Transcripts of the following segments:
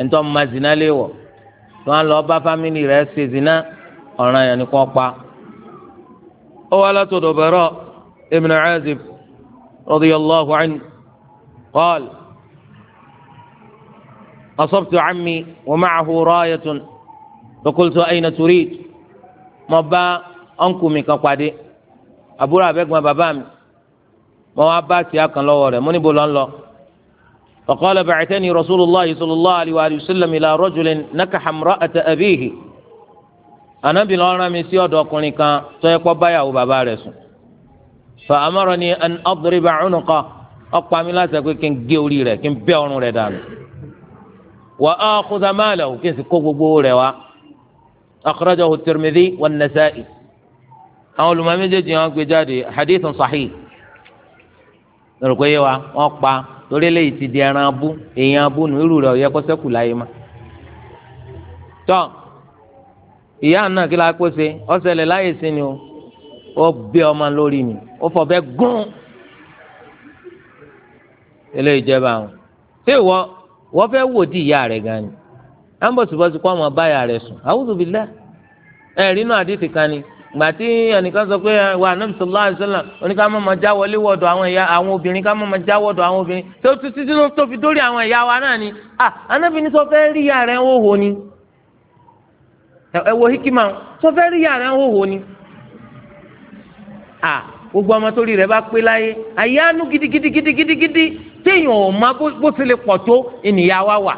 ẹ̀ńtọ́ ma zina lé wọ̀ tí wọ́n lọ bá fámìlì rẹ̀ ṣe zina ọ̀ràn yẹn ni kò pa. ó wá látọ̀dọ̀ Bara' ibn Azib radiyallahu anhu qala asabtu ammi wa turid mo bá ọ̀nkù mi kan pàdé àbúrò àbẹ́gbọ́n bàbá mi mo wá bá tìyà kan lọ́wọ́ rẹ̀ mo níbo lọ. فقال بعثني رسول الله صلى الله عليه وآله وسلم إلى رجل نكح امرأة أبيه Ànábì ló rán mi sí ọ̀dọ̀ ọkùnrin kan tó yẹ kó bá ìyàwó bàbá rẹ̀ sùn فأمرني أن أضرب عنقه ó pa mí láṣẹ pé kí n gé orí rẹ̀ kí n bẹ́ ọrùn rẹ̀ dànù وآخذ ماله kí n sì kó gbogbo rẹ̀ wá أخرجه الترمذي والنسائي àwọn olùmọ̀ méjèèjì wọ́n gbé jáde hadith sahih lọ́rọ̀ pé wa wọ́n pa torí eléyìí ti di ẹran abú èèyàn abú nù irú rẹ̀ ọ̀yẹ́ kọ́sẹ́kù láyé ma. tọ́ ìyá náà kí la kó ṣe ọ̀sẹ̀lẹ̀ láyè sí ni o ó bẹ́ ọmọ lórí mi ó fọ̀bẹ gún eléyìí jẹba àwọn. ṣé ìwọ wọ́n fẹ́ wò di ìyá rẹ̀ gan ni à ń bọ̀ báyà rẹ̀ sùn àwùjọ bíi lẹ́ ẹ̀rínú àdìsí kan ni gbàtí ẹnìkan sọ pé wa nàbì sọlá àṣẹlá oníkà má ma já wọlé wọdọ àwọn ẹyà àwọn obìnrin ká má já wọdọ àwọn obìnrin tó títí tó fi dórí àwọn ẹyà wa náà ni ah, à anábì ní sọ fẹ́ rí ìyá rẹ̀ ń hòhò ni ẹ wo hikima sọ fẹ́ rí ìyá rẹ̀ ń ni à ah, gbogbo ọmọ tó rí rẹ̀ bá pé láyé àyè àánú gidigidi gidigidi gidi téèyàn ò má bó ti lè pọ̀ tó ènìyà wa wà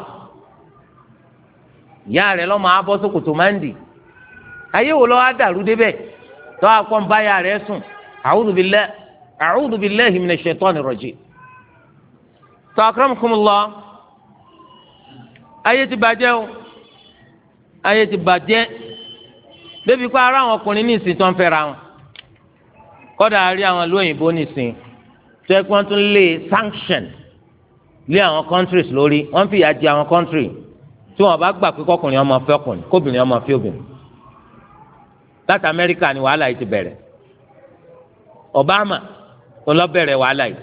ìyá rẹ̀ lọ́mọ abọ́ máa ń dì ayé wo lọ wá dàrú débẹ̀ tọ́ akọ́ ń báyà rẹ̀ sùn a'udhu billahi a'udhu billahi minash shaitani rajim. tọ́ akramakumullah ayé ti bàjẹ́ o ayé ti bàjẹ́ débi kó ara àwọn ọkùnrin ní ìsìn tó ń fẹ́ra wọn kọ́dà rí àwọn lóyìnbó ní ìsìn tó yẹ kí wọ́n tún lé sanction lé àwọn countries lórí wọ́n fìyà jẹ àwọn country tí wọ́n bá gbà pé kọkùnrin ọmọ fẹ́ ọkùnrin kóbìnrin ọmọ fẹ́ obìnrin láti amẹ́ríkà ni wàhálà yìí ti bẹ̀rẹ̀ obama ọlọ́bẹ̀rẹ̀ wàhálà yìí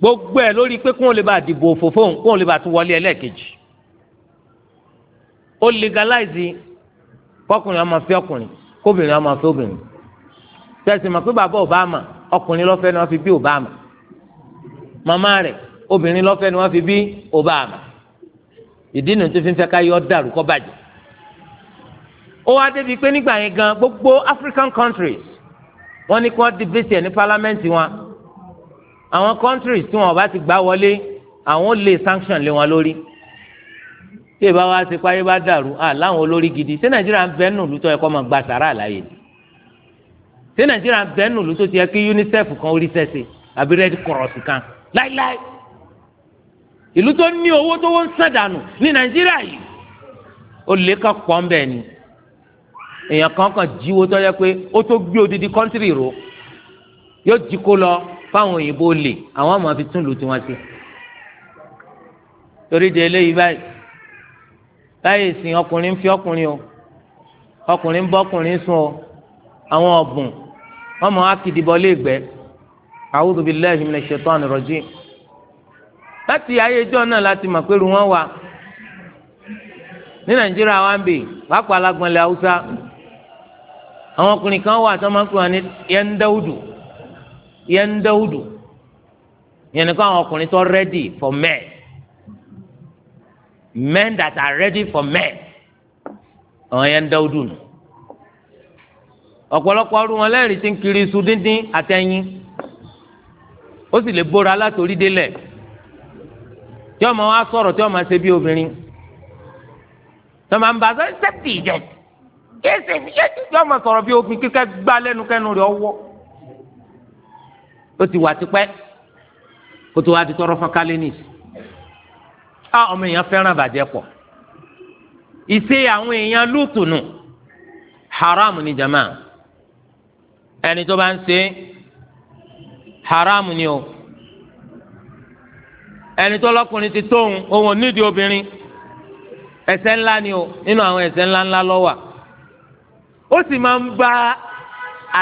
gbogbo ẹ̀ lórí pé kóun lè bá dìbò òfófó kóun lè bá tún wọlé ẹlẹ́ẹ̀kejì ó legalize kọkùnrin ọmọ fẹ́ ọkùnrin kóbìnrin ọmọ fẹ́ obìnrin tẹ̀sí mọ̀ pé bàbá obama ọkùnrin lọ́fẹ́ ni wọ́n fi bí obama Mama rẹ̀ obìnrin lọ́fẹ́ ni wọ́n fi bí obama ìdí nìyẹn tó fi ń fẹ́ ká yọ ọ́ dàrú kọ́ bàjẹ́ ó wá débi pé nígbà yẹn gan gbogbo African countries wọ́n ní kí wọ́n debate ẹ̀ ní parliament wọn àwọn countries tí wọn ò bá ti gbá wọlé àwọn ò lè sanction lé wọn lórí tí ìbá wa ṣe páyé bá dàrú à láwọn olórí gidi ṣé nàìjíríà ń bẹ nù lútọ́ ẹ̀kọ́ máa gba sàrà àlàyé ni ṣé nàìjíríà ń bẹ nù lútọ́ ti yẹ kí UNICEF kan orí sẹ́sẹ̀ àbí Red Cross kan láíláí ìlú tó ní owó tó wọ́n ń sàdánù ní nàìjíríà yìí ó lè kọ́ pọ́ńbẹ́ ni èèyàn kan kan jíwó tó yẹ pé ó tó gbé odidi kọ́ńtírì ró yóò jí kó lọ fáwọn òyìnbó lè àwọn ọmọ fi tún lù tiwọn sí torí de eléyìí báyìí láyé ọkùnrin ń fi ọkùnrin o ọkùnrin ń bọ́kùnrin sùn o àwọn ọ̀bùn láti náà láti mọ̀ pé ru wọn wà wa ń bè àwọn ọkùnrin kan wà tó máa ń pè wọn ní yẹndéwùdù yẹndéwùdù yẹn ni kó àwọn ọkùnrin tó ready for men men that are ready for men àwọn yẹndéwùdù nù ọ̀pọ̀lọpọ̀ ọdún wọn lẹ́rìí ti ń kiri iṣu díndín àtẹ̀yìn ó sì lè bóra látòrí délẹ̀ tí ọmọ wa sọ̀rọ̀ tí ọmọ ṣe bí obìnrin tọ́mọ̀ ń bá sọ ṣẹ́ẹ̀tì ìjẹ̀tì kéésì yóò máa sọ̀rọ̀ bí obìnrin kíkẹ́ gbá lẹ́nu kẹ́nu rẹ̀ ọwọ́ ó ti wà tipẹ́ kó tó wá di tọrọ fún kálínìs á ọmọ èèyàn fẹ́ràn bàjẹ́ pọ̀ ìṣe àwọn èèyàn lùtùnù haram ni jama ẹni tó bá ń ṣe haram ni o ẹni tó lọ́kùnrin ti tóun òun ò nídìí obìnrin ẹ̀ṣẹ̀ ńlá ni o nínú àwọn ẹ̀ṣẹ̀ ńlá ńlá ló wà. ó sì máa ń ba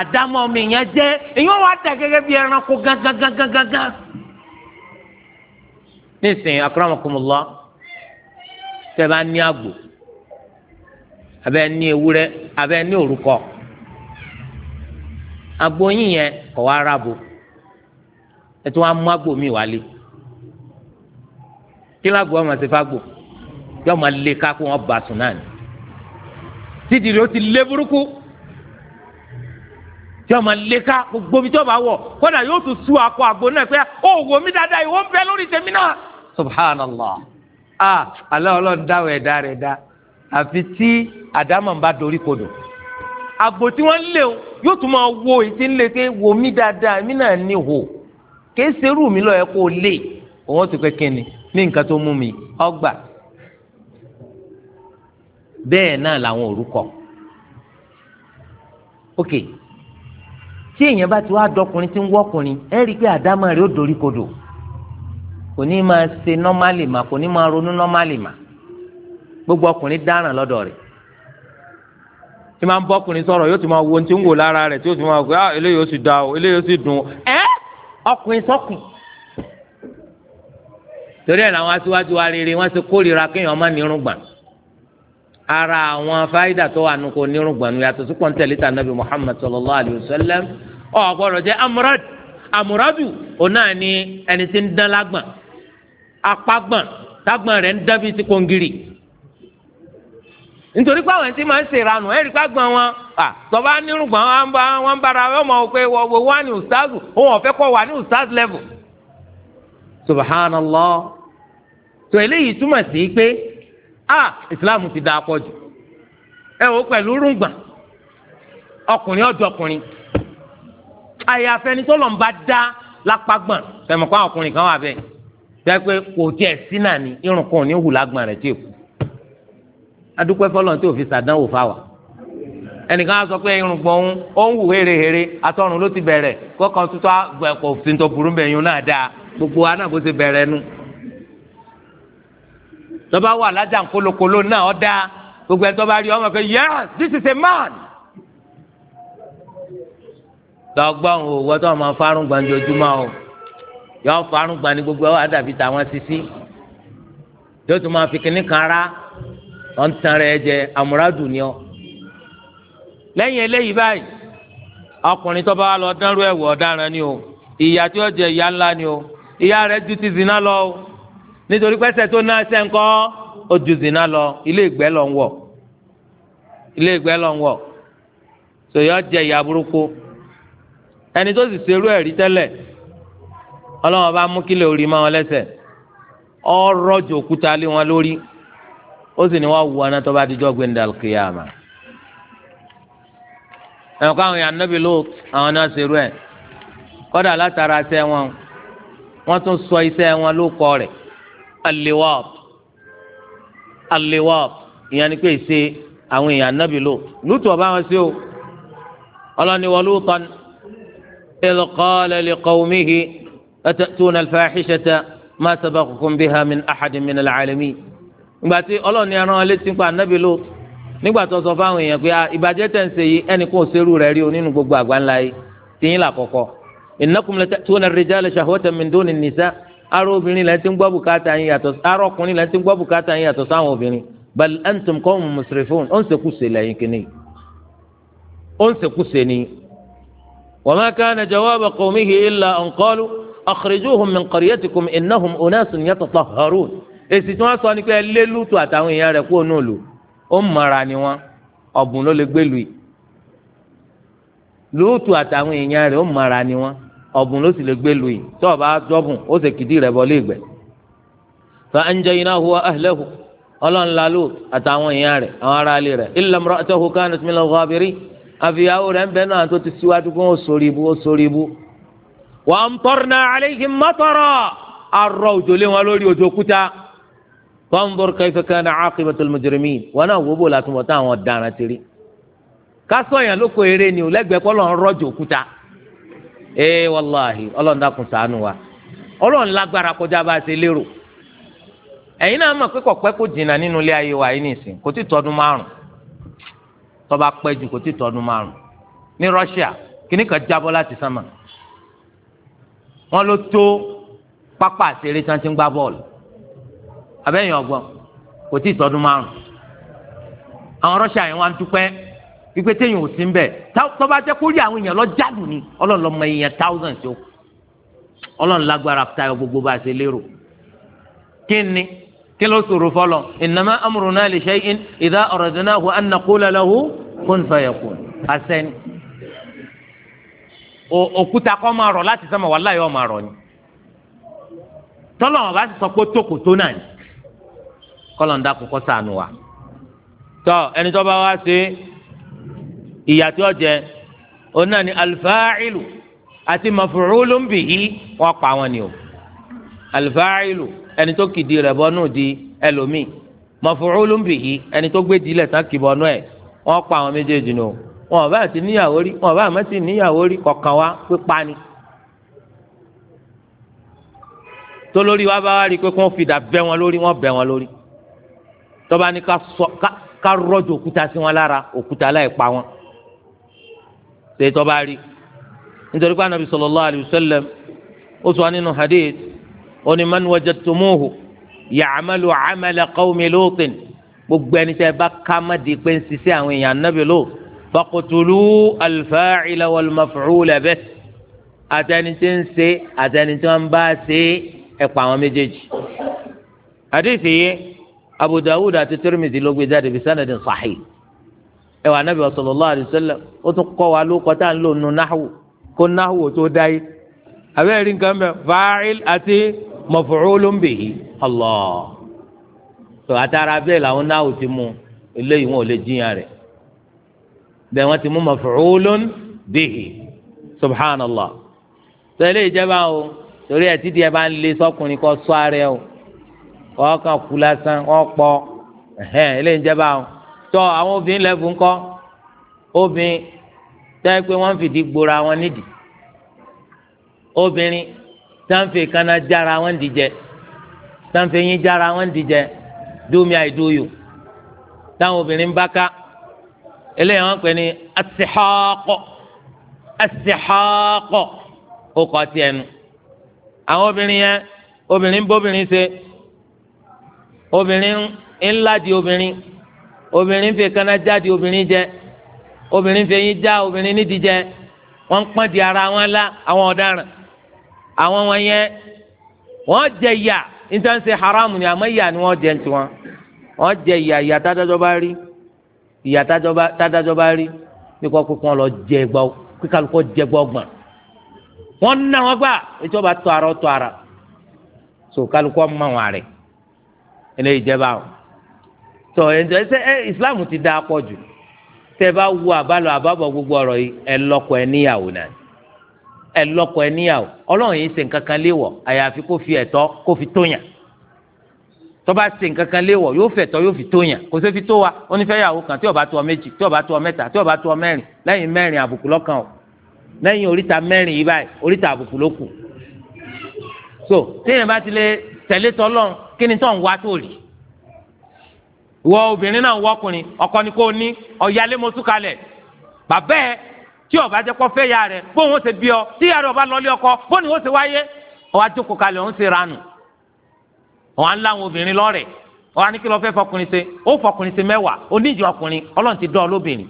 àdámọ́ mi yẹn jẹ́ èyàn wà dà gẹ́gẹ́ bí ẹranko gángangángángán. nísìnyí tẹ́ bá ní àgbò abẹ́ ní ewúrẹ́ abẹ́ ní àgbò yín yẹn wá rábò ẹ tún wá mú àgbò mi wálé kí lágbo ọmọ sí yọọ ká kó wọn bá sùn náà ni títí rẹ̀ ó ti lé burúkú tí ọmọ léka gbogbo ibi tí ọba kódà akọ àgbo náà pé ó wò mí dáadáa ìwọ ń bẹ lórí tèmi náà subhanallah ah dá àfi tí àdámọ̀ ń bá dorí kodò tí wọ́n lé o yóò tún máa wo ètí ń lé pé wò mí dáadáa èmi náà ní hò kèé serú mi lọ́ọ́ yẹ kó lé bẹ́ẹ̀ náà làwọn òrukọ ok tí èèyàn bá ti wá dọkùnrin tí ń wọkùnrin ẹ rí i pé àdámọ̀ rẹ̀ ó dorí kodò kò ní máa ṣe nọ́málì mà kò ní máa ronú nọ́málì mà gbogbo ọkùnrin dáràn lọ́dọ̀ rẹ̀ tí máa ń bọ́kùnrin sọ̀rọ̀ yóò ti máa wo ohun tí ń wò lára rẹ̀ tí yóò ti máa wò ah eléyìí ó sì da o eléyìí ó sì dùn o ẹ́ ọkùnrin sọ́kùn torí ẹ̀ làwọn aṣíwájú wa rere wọ́n ti kórìíra kéèyàn má nírun ara àwọn fáyidà tó wà nùkó nírùngbọ̀n yàtọ̀ sí pọ́ńtẹ̀lì nàbì muhammad sallallahu alayhi wa sallam ọ̀ gbọ́dọ̀ jẹ́ amúrad amúradù òun ni ẹni tí ń dán lágbọ̀n apágbọ̀n tágbọ̀n rẹ̀ ń dán bí ti nítorí pé àwọn tí máa ń ṣèrànù ẹ̀rí pàgbọ̀n wọn tọ́ba nírùngbọ̀n wọn ń bára wọn mọ̀ pé wọ́n wà ní ustaz òun ọ̀fẹ́ kọ́ wà ní ustaz level subhanallah tó eléyìí túmọ̀ sí pé ah islam ti da pọ̀ jù ẹ wò pẹ̀lú rúgbà ọkùnrin ọ̀dọ̀ ọkùnrin àyàfẹ́ ni dá ọkùnrin kan wà kò tiẹ̀ sí náà ni hù rẹ̀ tí adúpẹ́ sọ pé gbọ̀n òun hérehère atọ́run ló ti bẹ̀rẹ̀ àgbẹ̀kọ̀ òfin tó burú bẹ̀yìn náà dáa gbogbo anábòsí bẹ̀rẹ̀ tọ́ba wà lájà ńkólókóló náà ọ̀dà gbogbo ẹ̀ tọ́ba rí ọmọ pé yes this is a man. lọ́gbọ́n o wọ́tọ́ ọmọ fárún gbanjojúmọ́ o yọ fárún gbani gbogbo ẹ̀ wà dàbí tàwọn sisi yóò tún máa fi kínní kan rá ọ̀ ń tan rẹ̀ jẹ àmúradù ni ọ. lẹ́yìn eléyìí báyìí ọkùnrin tọ́ba wa lọ dánrú ẹ̀wọ̀ ọ̀daràn ni o ìyá tí ó jẹ ìyá ńlá ni o ìyá rẹ̀ ju ti zina lọ o nítorí pẹ́sẹ̀ tó ná ẹsẹ̀ ńkọ́ ó ju zina lọ ilé ìgbẹ́ lọ ń wọ̀ ilé ìgbẹ́ lọ ń wọ̀ sòyọ́ jẹ ìyá burúkú ẹni tó sì serú ẹ̀ rí tẹ́lẹ̀ ọlọ́wọ́n bá mú kílẹ̀ orí mọ́ wọn lẹ́sẹ̀ ọ̀rọ̀ jò kúta lé wọn lórí ó sì ní wọ́n wù ọ́nà tó bá dijọ́ gbẹ̀ndà kìyàmà ẹ̀wọ̀n káwọn yàn nábì ló àwọn náà serú ẹ̀ kọ́dà látara iṣẹ́ wọn wọ́n tún sọ iṣẹ́ wọn ló kọ́ rẹ̀ aliwab aliwab ìyẹn ni pé ṣe àwọn èèyàn nábì lò lùtù ọba wọn sí o ọlọ́ni wọ́n lùtàn ilqọ́lẹ̀ lìkọ́wùmíhi ẹ̀tẹ̀tún alfàáhíṣẹ́tẹ̀ máa sábà kúkún bí hamin ahadimin alàlẹ́mí. ìgbà tí ọlọ́ni ẹran létí pa nábì lò nígbà tó sọ fáwọn èèyàn pé ah, ìbàjẹ́ tẹ̀ ń ṣe yìí ẹnì kò sẹ́rù rẹ̀ rí o nínú gbogbo àgbáńlá yìí tìyín làkọ́kọ́ ìnákùnrin tẹ̀ tún ara obìnrin lẹ ti ń gbọ́ bùkátà yín yàtọ̀ ara ọkùnrin lẹ ti ń gbọ́ bùkátà yín yàtọ̀ sáwọn obìnrin bal antum qawmun musrifun ó ń ṣekúṣe lẹ́yìn kínní ó ń ṣekúṣe ni. wa ma kana jawaba qawmihi illa an qalu akhrijuhum min qaryatikum innahum unasun yatatahharun èsì tí wọ́n sọ ni pé lé lùtù àtàwọn èèyàn rẹ̀ kú ònú òlù ni wọ́n ọ̀bùn ló lè àtàwọn ọ̀bùn ló sì lè gbé lu yìí tó o bá dọ́bùn ó sì kìdí rẹ̀ bọ́ léègbẹ́. fa anjaynahu wa ahlahu ọlọ́nla lò àtàwọn èèyàn rẹ̀ àwọn ará ilé rẹ̀ illa imra'atahu kanat minal ghabirin àfihàn rẹ̀ ń bẹ náà tó ti síwájú kó o sórí ibu o sórí ibu. wa amtarna alayhim matara arọ òjò wọn lórí òjò kúta fanzur kayfa ee wallahi ọlọ́run dákun ṣàánú wa ọlọ́run lágbára kọjá bá a ṣe lérò ẹ̀yin náà mọ̀ pé kò jìnnà nínú ilé ayé wa yìí nìsín kò tí tọdún márùn tó bá pẹ́ kò tí tọdún márùn ní Russia kìnnì kan jábọ́ láti sánmà ló tó pápá tí ti ń gbá abẹ́yìn ọgbọ́n kò tí tọdún márùn àwọn Russia yẹn wá ń wípé téèyàn ò sí mbẹ tó bá jẹ́ kó rí àwọn èèyàn lọ jáde ni ọlọ́run lọ́mọ èèyàn thousand tó ọlọ́run lágbára tayọ gbogbo bá a ṣe lérò kí ni kí ló sòrò fọlọ innama amruna li shay'in idha aradnahu an naqula lahu kun fayakun asẹ́ni òkúta kọ́ máa rọ̀ láti sẹ́mọ̀ wàhálà yóò máa rọ̀ ni tọ́lọ̀ bá ti sọ pé tókò tó náà ni kọ́lọ̀ ń dákun kọ́ sànù wa tọ́ ẹni tó bá wá sí ìyà tí ó jẹ òun náà ni alfa'ilu àti maf'ulun bihi wọ́n pa wọn ni o alfa'ilu ẹni tó kìdí rẹ̀ bọ́ nù di ẹlòmíì maf'ulun bihi ẹni tó gbé dilẹ̀ tán kì bọ́ nù ẹ̀ wọ́n pa àwọn méjèèjì ni o wọn ò bá ti níyàwó rí wọn bá àmọ́ níyàwó rí kọ̀ọ̀kan wa pé pa tolórí wa bá wá rí i pé kí fìdá bẹ́ wọn lórí wọ́n bẹ́ wọn lórí tọ́ba ni ká rọ́jò òkúta sí wọn lára òkúta láì pa wọn ṣe tó bá rí nítorí pé anabi sallallahu alayhi wa sallam ó sọ nínú hadith ó ní man wajadtumuhu ya'malu 'amala qawmi Lutin gbogbo ẹni tẹ́ bá ká má di pé ń ṣiṣẹ́ àwọn èèyàn anabi Lut faqtulu al-fa'ila wal-maf'ula bihi àtẹni ń bá ṣe ẹ àwọn méjèèjì hadith yìí Abu Dawud àti Tirmidhi ló gbé jáde bí sanadin sahih ẹ wà Ànábì sallallahu alaihi wasallam ó tún kọ́ wa ló kọ́ tá à ń lò nu náhù kó náhù tó dá yìí abẹ́rẹ́ rí nǹkan mẹ́ fa'il àti maf'ulun bihi Allah tó àtàrà bẹ́ẹ̀ làwọn náhù ti mú eléyìí wọn ò lè jiyàn rẹ̀ bẹ́ẹ̀ wọ́n ti mú maf'ulun bihi subhanallah tó eléyìí jẹ́ báwo torí ẹ̀ títí ẹ bá ń lé sọ́kùnrin kọ́ sọ́ ara o kọ́ kàn kú lásán kọ́ pọ̀ ẹ̀hẹ́n eléyìí jẹ́ báwo tọ́ àwọn obìnrin lẹ́bù ńkọ́ obìnrin tẹ́ pé wọ́n ń fìdí gbora wọn nídìí obìnrin táǹfẹ̀ kaná jára wọn dìjẹ táǹfẹ̀ yín jára wọn dìjẹ dómi àìdóyò táwọn obìnrin bá ká eléyìí wọn pè ní asèxọ́kọ́ asèxọ́kọ́ ó kọ́ tiẹ̀ nu àwọn obìnrin yẹn obìnrin bóbìnrin ṣe obìnrin ńlá di obìnrin obìnrin fi kaná jáde obìnrin jẹ obìnrin fi eyín já obìnrin nídìí jẹ wọn ń pọ́n di ara wọn la àwọn ọ̀daràn àwọn wọn yẹn wọn jẹ ìyà níta ń haramu ni àmọ́ ìyà ni wọ́n jẹ tiwọn wọn jẹ ìyà ìyà tádájọ́ bá rí ìyà tádájọ́ bá rí kíkọ́ kíkọ́ lọ jẹ gbọ́ kíkàlùkọ́ jẹ gbọ́ gbọ́n wọn ná wọn gbà ètò bá tọ ara tọ ara so kálukọ́ mọ̀ wọn rẹ̀ eléyìí jẹ́ báwọn tọ ẹnjọ ẹsẹ ẹ islam ti dáa pọ̀ jù tẹ bá wo àbálọ àbábọ̀ gbogbo ọ̀rọ̀ yìí ẹ lọ́kọ ẹ níyàwó náà ẹ lọ́kọ ẹ níyàwó Ọlọ́run yìí ṣe nǹkan kan léèwọ̀ àyàfi kó fi ẹ̀tọ́ kó fi tóyàn tó bá ṣe nǹkan kan léèwọ̀ yóò fẹ̀tọ́ yóò fi tóyàn kò sí fi tó wa ó ní fẹ́ yàwó kan tí ó tó ọ méjì tí ó tó ọ mẹ́ta tí ó tó ọ mẹ́rin lẹ́yìn mẹ́rin àbùkù lọ́kàn o lẹ́yìn oríta mẹ́rin yìí báyìí oríta àbùkù ló so téèyàn bá ti lè tẹ̀lé tọ́lọ́run kí ni tó ń wá tó rí ìwọ obìnrin náà wọkùnrin ọkọ ni kò ní ọ̀yálé mo tú kalẹ̀ bàbá ẹ tí ọba jẹ kó fẹ́ ya rẹ bóun ó ṣe bí ọ tí ya rẹ ọba lọlé ọkọ bóun ó ṣe wáyé ọwọ́ àjòkò kalẹ̀ ọ̀hún ṣe ranù ọ̀hún à ń láwọn obìnrin lọ́rẹ̀ ọ̀hún àníkí lọ́ọ́ fẹ́ fọkùnrin ṣe ó fọkùnrin ṣe mẹ́wàá onídìí ọkùnrin ọlọ́run ti dán olóbìnrin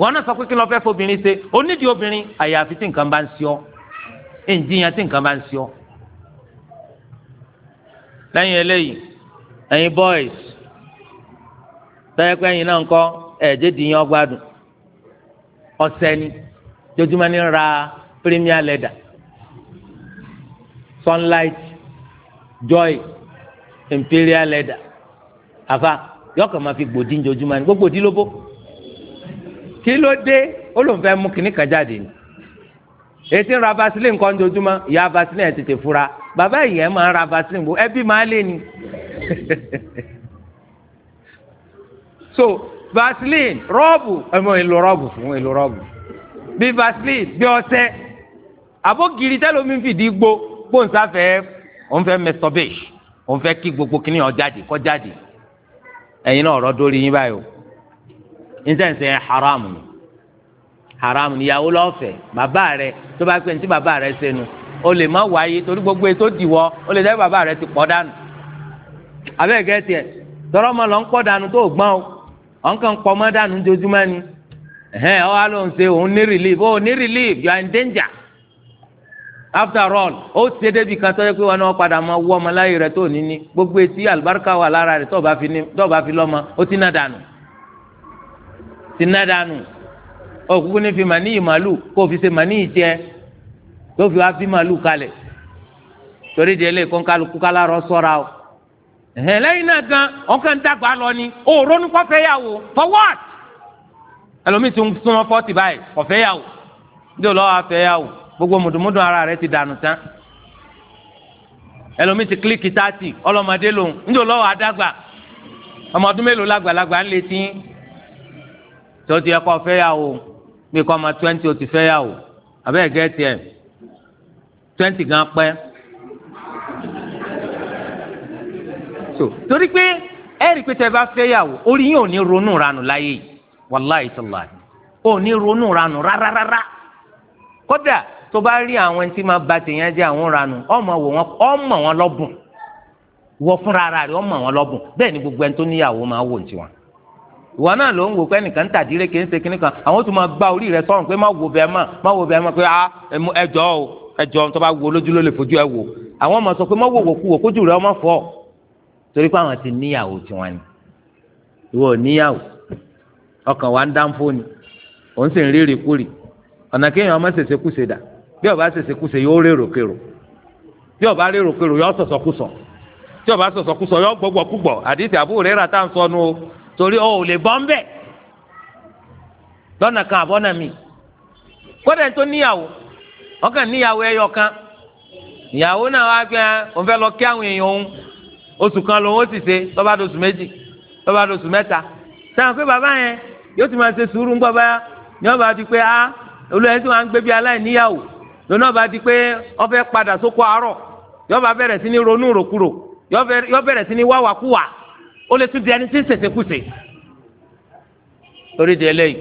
wọn náà sọ pé kí lọ́ọ́ fẹ́ fobìnrin ṣe onídìí obìnrin àyàfi tí nǹkan bá ń ṣe ọ́ boys tọ́yẹ pé ẹ̀yin náà ń kọ́ ẹ̀jẹ̀ dìyàn ọgbádùn ọ̀sẹ̀ ni jojúmọ́ ni ra premier leather sunlight joy imperial leather àfa yọkàn máa fi gbòdì jojúmọ́ ni gbogbo òdì lóbó kí ló dé ó lóun fẹ́ mú kínní kan jáde ni ètí ń ra vaseline nǹkan jojúmọ́ ìyá vaseline ẹ̀ tètè fura bàbá ìyẹn máa ń ra vaseline bò ẹbí máa lé ni so vaseline rọ́ọ̀bù ẹ̀mọ́ èlò rọ́ọ̀bù fún èlò rọ́ọ̀bù bí vaseline bí ọṣẹ àbókiri tẹ́lómi fìdí gbó gbóǹsáfẹ́ òun fẹ́ mẹsọ̀bẹ́ẹ̀sì òun fẹ́ kí gbogbo kìnìún ó jáde jáde ẹ̀yin náà ọ̀rọ̀ dórí yín báyìí o haram ni haram ni ìyàwó lọ́fẹ̀ẹ́ bàbá rẹ tó bá pẹ́ bàbá rẹ o lè má wáyé torí gbogbo ètò ìdìwọ́ o lè dẹ́ bàbá rẹ ti pọ̀ dànù abẹ́ẹ̀kẹ́ tiẹ̀ tọ́rọ́ mọ́ pọ̀ ọ̀nkàn pọ̀ mọ́ dànù ojoojúmọ́ ni ẹ̀hẹ́n ọ̀ wá ló ń ṣe òun ní relief ó ní relief you are in danger after all ó ṣe débi kan tó yẹ pé wọn náà padà máa wú ọmọ láyé rẹ tó ní ní gbogbo etí àlùbáríkà wà lára rẹ tó bá fi lọ́mọ ó ti ná dànù ti ná dànù òkùnkùn ní fi màníyì màlúù kó o fi ṣe màníyì jẹ tó fi wá fi màlúù kalẹ̀ torí di eléyìí kó ń kálukú kálá rọ sọ́ra o ẹ̀hẹ́n lẹ́yìn náà gan ọ̀kan ń dàgbà lọ ni o ní kọfẹ́ yàwó for what ẹlòmíì ti ń súnmọ́ fọ́ọ̀tì báyìí kọfẹ́ yàwó ndé gbogbo mùdùmùdù ara rẹ ti dànù tán ti kílíkì tààtì ọlọ́mọdé lòun ndé olówó adágbà ọmọ mélòó ń létí ti yẹ kọ́ yàwó bí kọ́ ọmọ twenty o so torí pé ẹ rí i pé tẹ bá fẹ́ yàwó orí yín ò ní ronú ranù láyé yìí wàláyé tọ́lá ò ní ronú ranù rárárárá kódà tó bá rí àwọn ẹni tí máa ba tèèyàn jẹ àwọn ranù ọmọ wò wọn ọmọ wọn lọ́bùn wọ fúnra ara rẹ ọmọ wọn lọ́bùn bẹ́ẹ̀ ni gbogbo ẹni tó níyàwó máa wò tiwọn ìwọ náà ló ń wò pé nìkan ń tàdíré kì í ṣe kíní kan àwọn tó máa gba orí rẹ sọrùn pé má wò bẹ́ẹ̀ mọ́ má wò bẹ́ẹ̀ mọ́ pé ah, ẹjọ́ ẹjọ́ tó bá wo lójú ló lè fojú ẹ wò àwọn ọmọ sọ pé má wò wò kú wò kójú rẹ ọmọ fọ́ ọ torí pé àwọn ti níyàwó tiwọn ni ìwọ níyàwó ọkàn wa ń dá fóònù òun sì ń rírì kúrì ọ̀nà kéèyàn ọmọ ṣẹ̀ṣẹ̀ kùsè dà bí ọba ṣẹ̀ṣẹ̀ kùsè yóò rérò kérò bí ọba rérò kérò yóò sọ̀sọ̀ kùsọ̀ tí ọba sọ̀sọ̀ kùsọ̀ yóò gbọ́gbọ́ kúgbọ̀ àdìsí àbúrò rẹ̀ ń sọnu o torí o ò lè bọ́ ń lọ́nà kan àbọ́nà mi kódà tó níyàwó ọkàn níyàwó oṣù kan lòun ó sì ṣe lọ́ba dosù méjì lọ́ba dosù mẹ́ta sáwọn pé bàbá yẹn yóò ti máa ṣe sùúrù ń gbọ́ bá ní ọba ti pé ah olóyè tí wọ́n á ń gbé bí aláìníyàwó lónà ọba ti pé padà sóko àárọ̀ yọba bẹ̀rẹ̀ sí ní ronú ròkúrò bẹ̀rẹ̀ sí ní wáwàkúwà ó lè tún di ẹni tí ń di eléyìí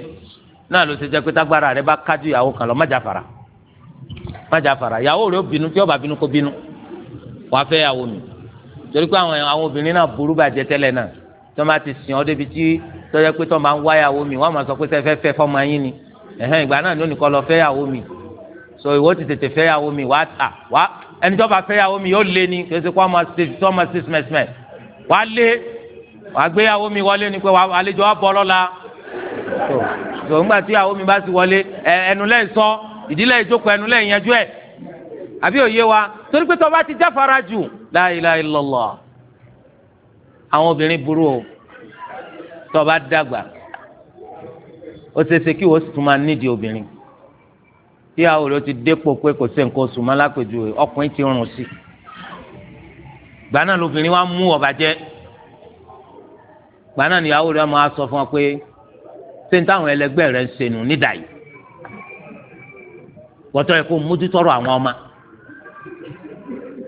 náà ló ṣe jẹ́ pé tágbára rẹ bá kájú ìyàwó kan lọ ìyàwó rẹ ó bínú tí torí pé àwọn àwọn obìnrin náà burú bàjẹ́ tẹ́lẹ̀ náà tó máa ti sìn ọ́ débi tí tọ́jà pé tó máa ń wáyàwó mi wọ́n máa sọ pé sẹ́fẹ́ fẹ́ fọ́mọ yín ni ẹ̀hẹ́n ìgbà náà lónìí kọ́ lọ fẹ́yàwó mi so ìwọ ti tètè fẹ́yàwó mi wá tà wá ẹni tó bá fẹ́yàwó mi yóò lé ni kí ẹsẹ̀ kó ọmọ tó ọmọ sí smẹ̀smẹ̀ wá lé wá gbéyàwó mi wọlé ni pé wá àlejò wá bọ́ lọ́la so so ńgbà tí yàwó mi bá sì wọlé ẹnu lẹ́yìn sọ ìdílé ìjókòó ẹnu lẹ́yìn yanjú ẹ̀ àbí òye wa torí pé tọba ti jáfara jù la ilaha illallah àwọn obìnrin burú o tọba dàgbà ó ṣeéṣe kí wọ́n sì tún máa nídìí obìnrin tí àwọn olè ti dépò pé kò sí nǹkan oṣù máa ọkùnrin ti rùn sí gbaná lobìnrin wa mú ọba jẹ gbaná níyàwó rẹ máa sọ fún wa pé ṣé ní táwọn ẹlẹgbẹ́ rẹ ń ṣe nù nídàá yìí wọ́tọ́ yẹ kó mójútọ́rọ̀ àwọn ọmọ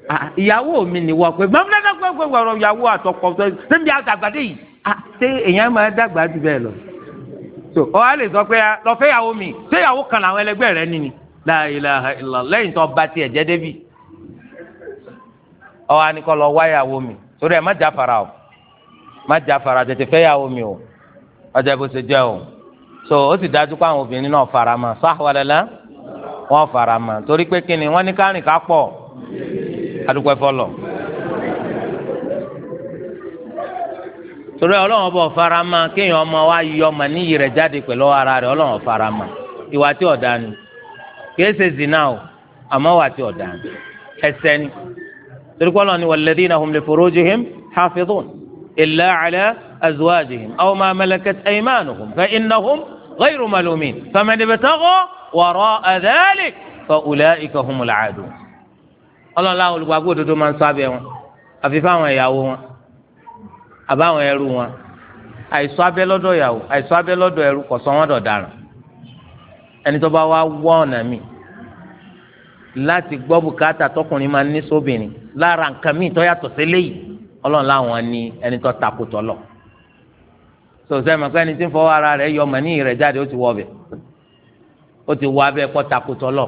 Ah, ah, ìyàwó mi ni wọ́n pé mọ́mílẹ́dá gbogbo ọ̀rọ̀ ìyàwó àtọkọ níbi àgbàdé yìí ah, ṣé èèyàn máa dàgbà jù bẹ́ẹ̀ lọ. so ọ á lè sọ pé lọ́fẹ́ ìyàwó mi ṣé ìyàwó kan làwọn ẹlẹgbẹ́ rẹ ni ni lẹ́yìn tó bá tiẹ̀ jẹ́ débi. ọ á ní kọ́ lọ wá ìyàwó mi sórí ẹ̀ má já fara o má já fara tètè fẹ́ ìyàwó mi o ọjà bó ṣe jẹ́ o so ó sì dájú pé àwọn obìnrin náà fara mọ́ sáà wàlẹ́lá wọ́n fara mọ́ torí pé kíni wọ́n ní kárìn ká pọ̀ adúpẹ́ fọlọ́ torí ọlọ́run bọ̀ farama kéèyàn ọmọ wa yọ ọmọ níyì rẹ̀ jáde pẹ̀lú ara rẹ̀ ọlọ́run farama ìwà tí ọ̀dà ni kìí ṣe zina o àmọ́ wà tí ọ̀dà ni ẹsẹ̀ ni torí kọ́ ọlọ́run ni walladhina hum li furujihim hafidhun illa ala azwajihim aw ma malakat aymanuhum fa innahum ghayru malumin faman ibtagha wara'a dhalik fa ulaika humul aadun ọlọ́run láwọn olùgbàgbọ́ òdodo máa ń ṣọ́ abẹ́ wọn àfi fáwọn ìyàwó wọn àbáwọn ẹrú wọn àìṣọ́ abẹ́ lọ́dọ̀ ìyàwó àìṣọ́ abẹ́ lọ́dọ̀ ẹrú kò sọ wọ́n dọ̀daràn ẹni tó bá wá wọ́ ọ̀nà mi láti gbọ́ bùkátà tọkùnrin máa ní sóbìnrin lára nǹkan míì tó yàtọ̀ sí léyìí ọlọ́run láwọn ní ẹni tó takò tọ́lọ̀ sọ̀sẹ́ mọ̀ pé ẹni tí ń fọwọ́ ara rẹ̀ yọ ọmọ ní ìrẹ̀ jáde ó ti wọ ọbẹ̀ ó ti wọ abẹ́ kọ́ takò tọ́lọ̀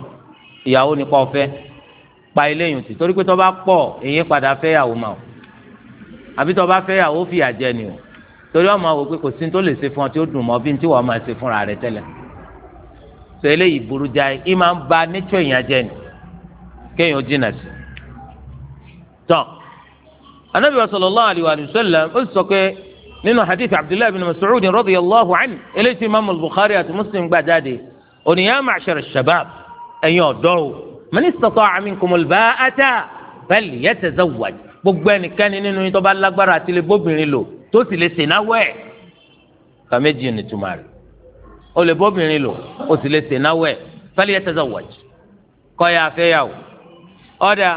ìyàwó nípa ọ̀fẹ́ pa eléyìí tì torí pé tó bá pọ̀ èyí padà fẹ́ yàwó ma o àbí tó bá fẹ́ yàwó fìyà jẹ ni o torí ọmọ àwọn òpè kò sí ní tó lè ṣe fún ọ tí ó dùn mọ́ bí ní tí wọ́n máa ṣe fúnra rẹ tẹ́lẹ̀ sọ eléyìí burú jáì í máa ń ba nature èèyàn jẹ ni kéèyàn ó jìnnà sí tán anabi sallallahu alayhi wa sallam ó sọ pé nínú hadith abdullahi bin mas'ud radiyallahu anhu eléyìí tí imaamu bukhari àti muslim gbà jáde máa ṣẹlẹ̀ shabab ẹ̀yin ọ̀dọ́ o man istata'a minkumul ba'ata falyatazawwaj gbogbo ẹnikẹ́ni nínú yín tó bá lágbára àti lè bóbìnrin lò tó sì lè sènáwó ẹ̀ ká méjì ní túmọ̀ rẹ̀ o lè bóbìnrin lò o sì lè sènáwó ẹ̀ falyatazawwaj kọ́ya afẹ́yàwó ọ̀dà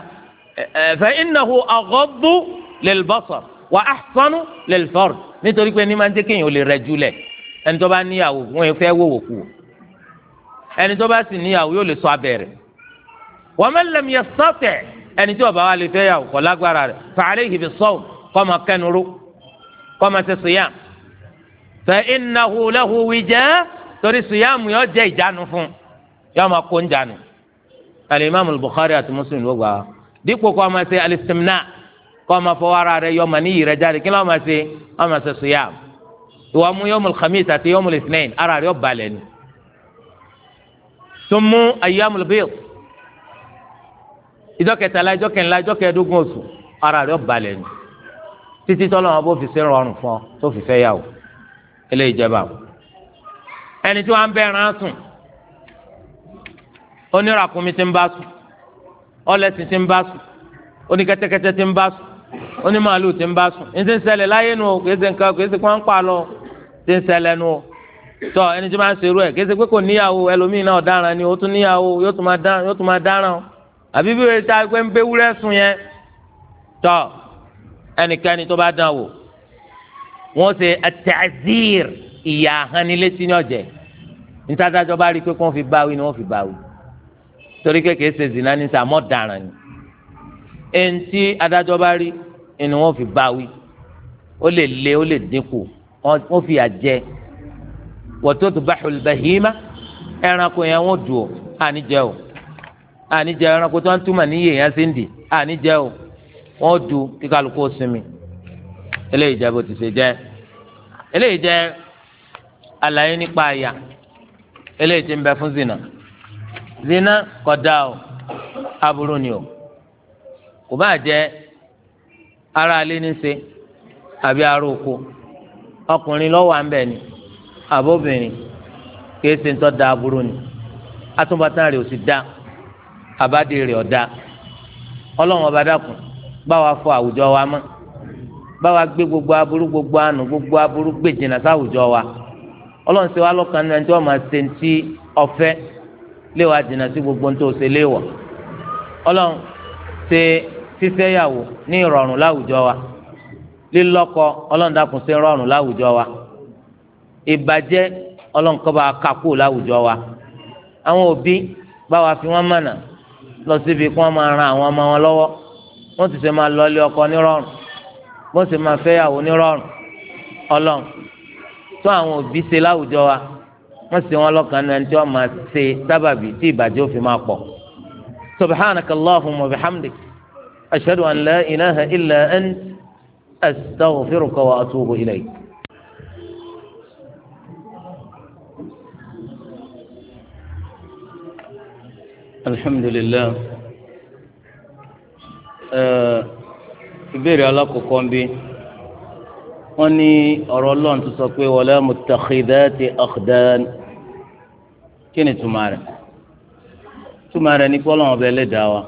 fa innahu aghaddu lil basar wa ahsanu lil fard nítorí pé ní máa kéèyàn ò lè rẹ̀ jùlẹ̀ ẹni bá níyàwó wọn fẹ́ wòwò kú bá sì níyàwó yóò lè sọ abẹ́rẹ́ wa man lam yastati' ẹni tí ó bá wá lè fẹ́ yà kò lágbára rẹ̀ fa alayhi bis-sawm kó máa kẹnuru kó máa ṣe siyam fa innahu lahu wija torí siyam yóò jẹ́ ìjánu fún yóò máa kó ń jánu al-imam al-bukhari àti muslim ló gbà á dípò kó ṣe al-istimna kó máa fọwọ́ ara rẹ̀ yìí rẹ̀ jáde kí ló ṣe ó ṣe siyam ìwà mú yawmul khamis ìjọ kẹtàlá ìjọ kẹńlá ìjọ kẹẹ̀ẹ́dógún oṣù ara ọrụ balẹ̀ ni títí tọ́lọ́ wọn bó fi rọrùn fún ọ tó fi fẹ́ yà wò eléyìí jẹba o ẹni tí wọn bẹ ẹran sùn ti ń bá sùn ti ń bá sùn ti ń bá sùn ti ń bá sùn ní ti ń láyé nu o ṣe nǹkan ṣe o tọ ẹni tí o àbí bí wọ́n ta pé ń bẹ wúrẹ́ sùn yẹn tọ́ ẹnikẹ́ni tó bá dán wò wọ́n ṣe àtàzír ìyá ahanilétí ní ọ̀jẹ̀ nítàdájọ́ bá rí i pé kí wọ́n fi báwí ni wọ́n fi báwí torí kékeré ṣe zina ní sàmọ́ dàrán ni ẹni tí adájọ́ bá rí ni wọ́n fi báwí ó lè lé ó lè dínkù wọ́n fi àjẹ wọ́n tó tó bá xulbahima ẹranko yẹn wọ́n dùn ó àníjẹ́ o àníjẹ ẹranko tó ń túmọ̀ ní yèèyàn sí ń dì àníjẹ o wọ́n du kí kálukú ó sinmi eléyìí jẹ́ bó ti ṣe jẹ́ eléyìí jẹ́ àlàyé nípa àyà eléyìí ti ń bẹ fún zina zina kódà o aburú ni o kò bá jẹ́ ara alé ní ṣe àbí ara oko ọkùnrin lọ́wọ́ à ń bẹ̀ ni àbóbìnrin kì í ṣe ń tọ́ da aburú ni atúbọ̀tán rẹ̀ ò sì dáa àbádé rẹ̀ ọ̀dà ọlọ́run ọba dàkùn bá wa fọ àwùjọ wa mọ́ bá wa gbé gbogbo aburú gbogbo àánú gbogbo aburú gbé jìnnà sáwùjọ wa ọlọ́run ṣe wá lọ́kàn náà tí wọ́n máa ṣe ti ọ̀fẹ́ lé wa jìnnà sí gbogbo ohun tó ṣe léèwọ̀ ọlọ́run ṣe fífẹ́yàwó ní ìrọ̀rùn láwùjọ wa lílọ́kọ ọlọ́run dàkùn ṣe rọ̀rùn láwùjọ wa ìbàjẹ́ ọlọ́run kó bá kákó láwùjọ wa àwọn òbí bá wa fi wọ́n mọ̀nà lọ síbi kí wọ́n máa ran àwọn ọmọ wọn lọ́wọ́ wọ́n sì ṣe máa lọ ilé ọkọ nírọ̀rùn wọ́n sì máa fẹ́yàwó nírọ̀rùn ọlọ́run tó àwọn òbí ṣe láwùjọ wa wọ́n sì wọ́n lọ́kàn náà tí wọ́n máa ṣe sábàbí tí ìbàjẹ́ òfin máa pọ̀ subhanakallahumma wa bihamdik ashhadu an la ilaha illa ant astaghfiruka wa atubu الحمد لله eh, ìbéèrè alákòókò ń bí wọn ní ọ̀rọ̀ Ọlọ́run tó sọ pé wala muttakhidhati akhdan kí ni túmọ̀ rẹ̀ túmọ̀ rẹ̀ ní pọlọ ọbẹ Ẹlẹ́dàá wa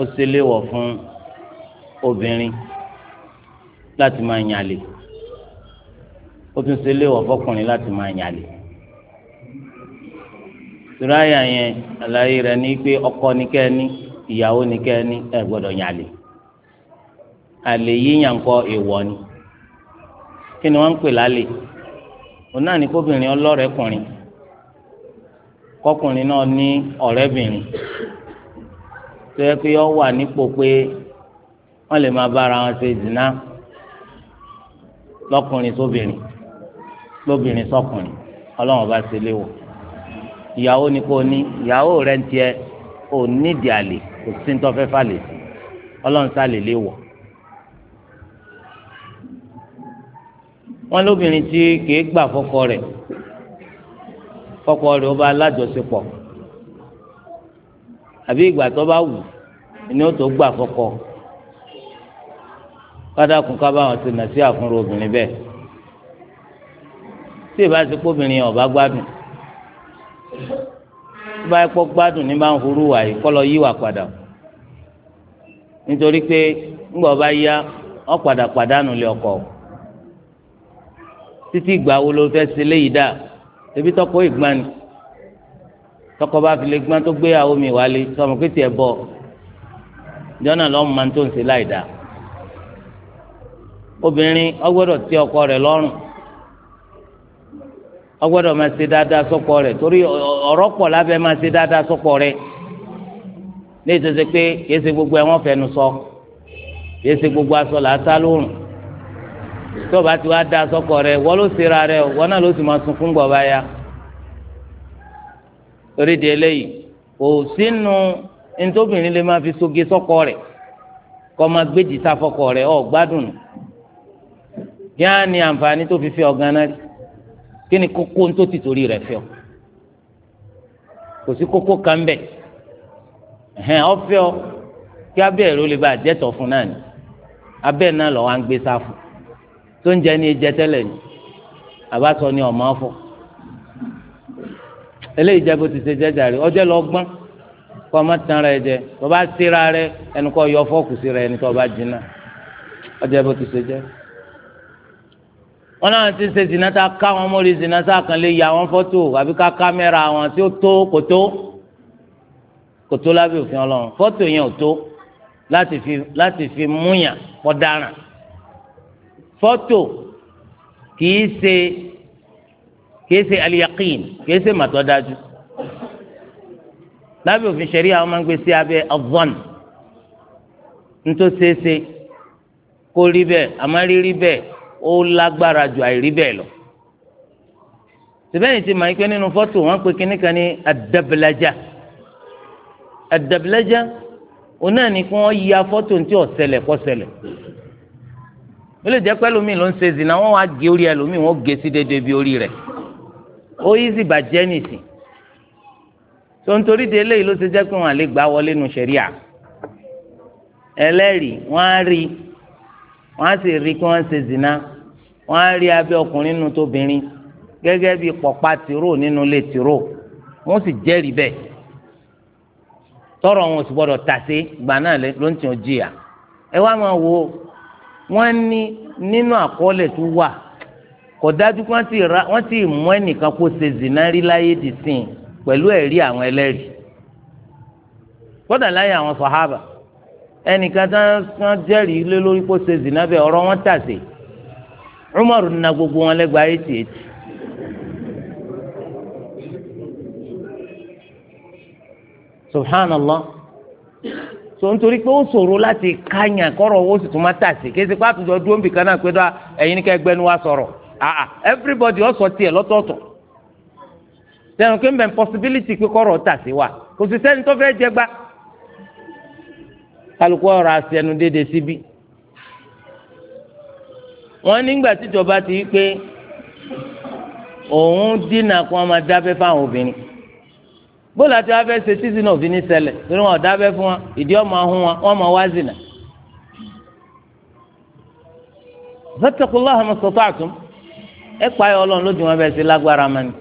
ó sì léèwọ̀ fún obìnrin láti máa yàlè ó tún sì léèwọ̀ fọkùnrin láti máa yàlè turaya yẹn àlàyé rẹ̀ ni pé ọkọ ni kẹ́ ni ìyàwó ni kẹ́ ni ẹ gbọ́dọ̀ yàn àlè àlè yíyàn kọ èèwọ̀ ni kí ni wọ́n ń pè lálè òun náà ní kóbìnrin ọlọ́rẹ̀ẹ́kùnrin kọkùnrin náà ní ọ̀rẹ́bìnrin tó yẹ pé ó wà nípò pé wọ́n lè máa bára wọn ṣe zina lọ́kùnrin sóbìnrin lóbìnrin sọ́kùnrin ọlọ́run bá ṣe léwọ̀ ìyàwó ni kò ní ìyàwó rẹ ń tiẹ ò nídìí àlè kò sí ní tọ́fẹ́ falè sí ọlọ́run sálè lè wọ̀. wọ́n lóbìnrin tí kìí gbà fọ́kọ rẹ̀ fọ́kọ rẹ̀ ó bá alájọṣepọ̀ àbí ìgbà tó bá wù ni ó tó gbà fọ́kọ kádàkùn ká báwọn ti nà sí àfúnrò obìnrin bẹ́ẹ̀ tí ìbá ti kóbìnrin ọ̀bá gbádùn. tó bá yẹ kó gbádùn ní bá ń hurú wà yìí kọ́ lọ yí wà padà nítorí pé ńgbà ọba yá ọ padà lé ọkọ̀. títí ìgbà wo ló fẹ́ ebi tọkọ ìgbà ni tọkọ bá fi lè gbọ́n tó gbéyàwó mi wálé sọmọ pé tiẹ̀ bọ̀ jọ́nà lọ́mọ máa ọkọ rẹ̀ lọ́rùn ọgbọ́dọ̀ máa ṣe dáadáa sọ́kọ rẹ̀ torí ọ̀rọ̀ pọ̀ lábẹ́ máa ṣe dáadáa sọ́kọ rẹ̀ ní ìtòsí pé kìí ṣe gbogbo ẹ wọ́n fẹnu sọ kìí ṣe gbogbo aṣọ là á sá lóòrùn tó o bá ti wá da sọ́kọ rẹ̀ wọ́n ló ṣera rẹ̀ wọ́n náà ló sì máa sunkún gbọ̀ bá ya torí di eléyìí kò sínú ntóbìnrin lè máa fi soge sọ́kọ rẹ̀ kọ́ máa gbé jìtá fọ́kọ rẹ̀ ọ̀ gbádùn kí á ní àǹfààní tó fi fi ọ̀gán náà kí ni kókó tó ti torí rẹ̀ fẹ́ ọ kò sí kókó kan bẹ̀ ẹ̀hẹ́n ọ̀fẹ́ ọ kí abẹ́ ẹ̀rọ lè bá àjẹtọ̀ fún náà ni abẹ́ náà lọ́wọ́ à ń gbé sáfù tó ń jẹ ní ẹjẹ tẹ́lẹ̀ ni àbá sọ ni ọ̀mọ́ fọ́ eléyìí jẹ́ bó ti ṣe jẹ́ jàre ọjọ́ lọ gbọ́n kọ́ ọmọ tán rẹ jẹ tó síra rẹ ẹnu yọ fọ́ọ̀kù síra ẹni tó bá jiná bó ti ṣe jẹ́ wọn náà ti ṣe zina tá a ká wọn mórí zina tá a kàn lè ya wọn fọ́tò àbí ká kámẹ́rà wọn tí ó tó kòtó kòtó lábẹ́ òfin ọlọ́run fọ́tò yẹn ò tó láti fi láti fi múyàn ọ̀daràn fọ́tò kìí ṣe kìí ṣe aliyakin kìí ṣe màtọ́dájú lábẹ́ òfin ṣẹ̀rí àwọn máa ń gbé sí abẹ́ avon ntòsíṣe kó rí bẹ́ẹ̀ àmọ́ rírí bẹ́ẹ̀ ó lágbára ju àìrí bẹ́ẹ̀ lọ sìbẹ́yìn ti máa ń pẹ́ nínú fọ́tò wọn pe kínní kan ní adablaja adablaja òun náà ní kí wọ́n ya fọ́tò tí ó ṣẹlẹ̀ kó ṣẹlẹ̀ ó lè jẹ́ pé ẹlòmíì ló ń ṣe zina wọ́n wá gé orí ẹlòmíì wọ́n gé sí déédéé bí orí rẹ̀ ó yí sì bàjẹ́ nìsín tó ń torí de eléyìí ló ṣe jẹ́ pé wọ́n àlè gbá wọlé nu ṣẹ̀ríà ẹlẹ́rìí wọ́n á rí i wọ́n á sì rí kí wọ́n ṣe zina wọ́n á rí abẹ́ ọkùnrin nínú tóbìnrin gẹ́gẹ́ bí pọ̀pá tìró nínú ilé tìró wọ́n sì jẹ́rìí bẹ́ẹ̀ tọrọ wọn ò sì gbọ́dọ̀ tàsé gbà náà ló ń tì ọ́ jìyà ẹ wá máa wo wọ́n ní nínú àkọọ́lẹ̀ tó wà kò dájú pé wọ́n ti mú ẹnìkan kó ṣe zina rí láyé dì sìn pẹ̀lú àwọn ẹlẹ́rìí kódà láyé àwọn sọ̀hábà. So ẹnìkan tán jẹ́rìí lé lórí kó ṣe zina bẹ́ẹ̀ ọ̀rọ̀ na gbogbo wọn lẹ́gbàá eighty eight. subhanallah so nítorí pé ó ṣòro láti káyàn kọ́rọ̀ owó sì tún máa tàsé kí k'esi ti àtúntò dúró nbìkan náà pé ẹ̀yin ẹgbẹ́ ni sọ̀rọ̀ ah ah everybody ó sọ tiẹ̀ lọ́tọ̀ọ̀tọ̀ tẹnu possibility pé kọ́rọ̀ wa kò sì sẹ́ni tó fẹ́ jẹ gba kálukú ọrụ àṣẹnu déédéé síbí. wọ́n nígbà tíjọba ti pé òun dínà kó wọn máa dábẹ́ fáwọn obìnrin bóòlù àti wọn fẹ́ ṣe títí náà òfin ní ṣẹlẹ̀ torí wọn ò dábẹ́ fún wọn ìdí ọmọ ọhún wọn wọn máa wá zìnà. fattaqullaha mastata'tum ẹ pààyà ọlọ́run lójú wọn bẹ́ẹ̀ sí lágbára mọ́ni.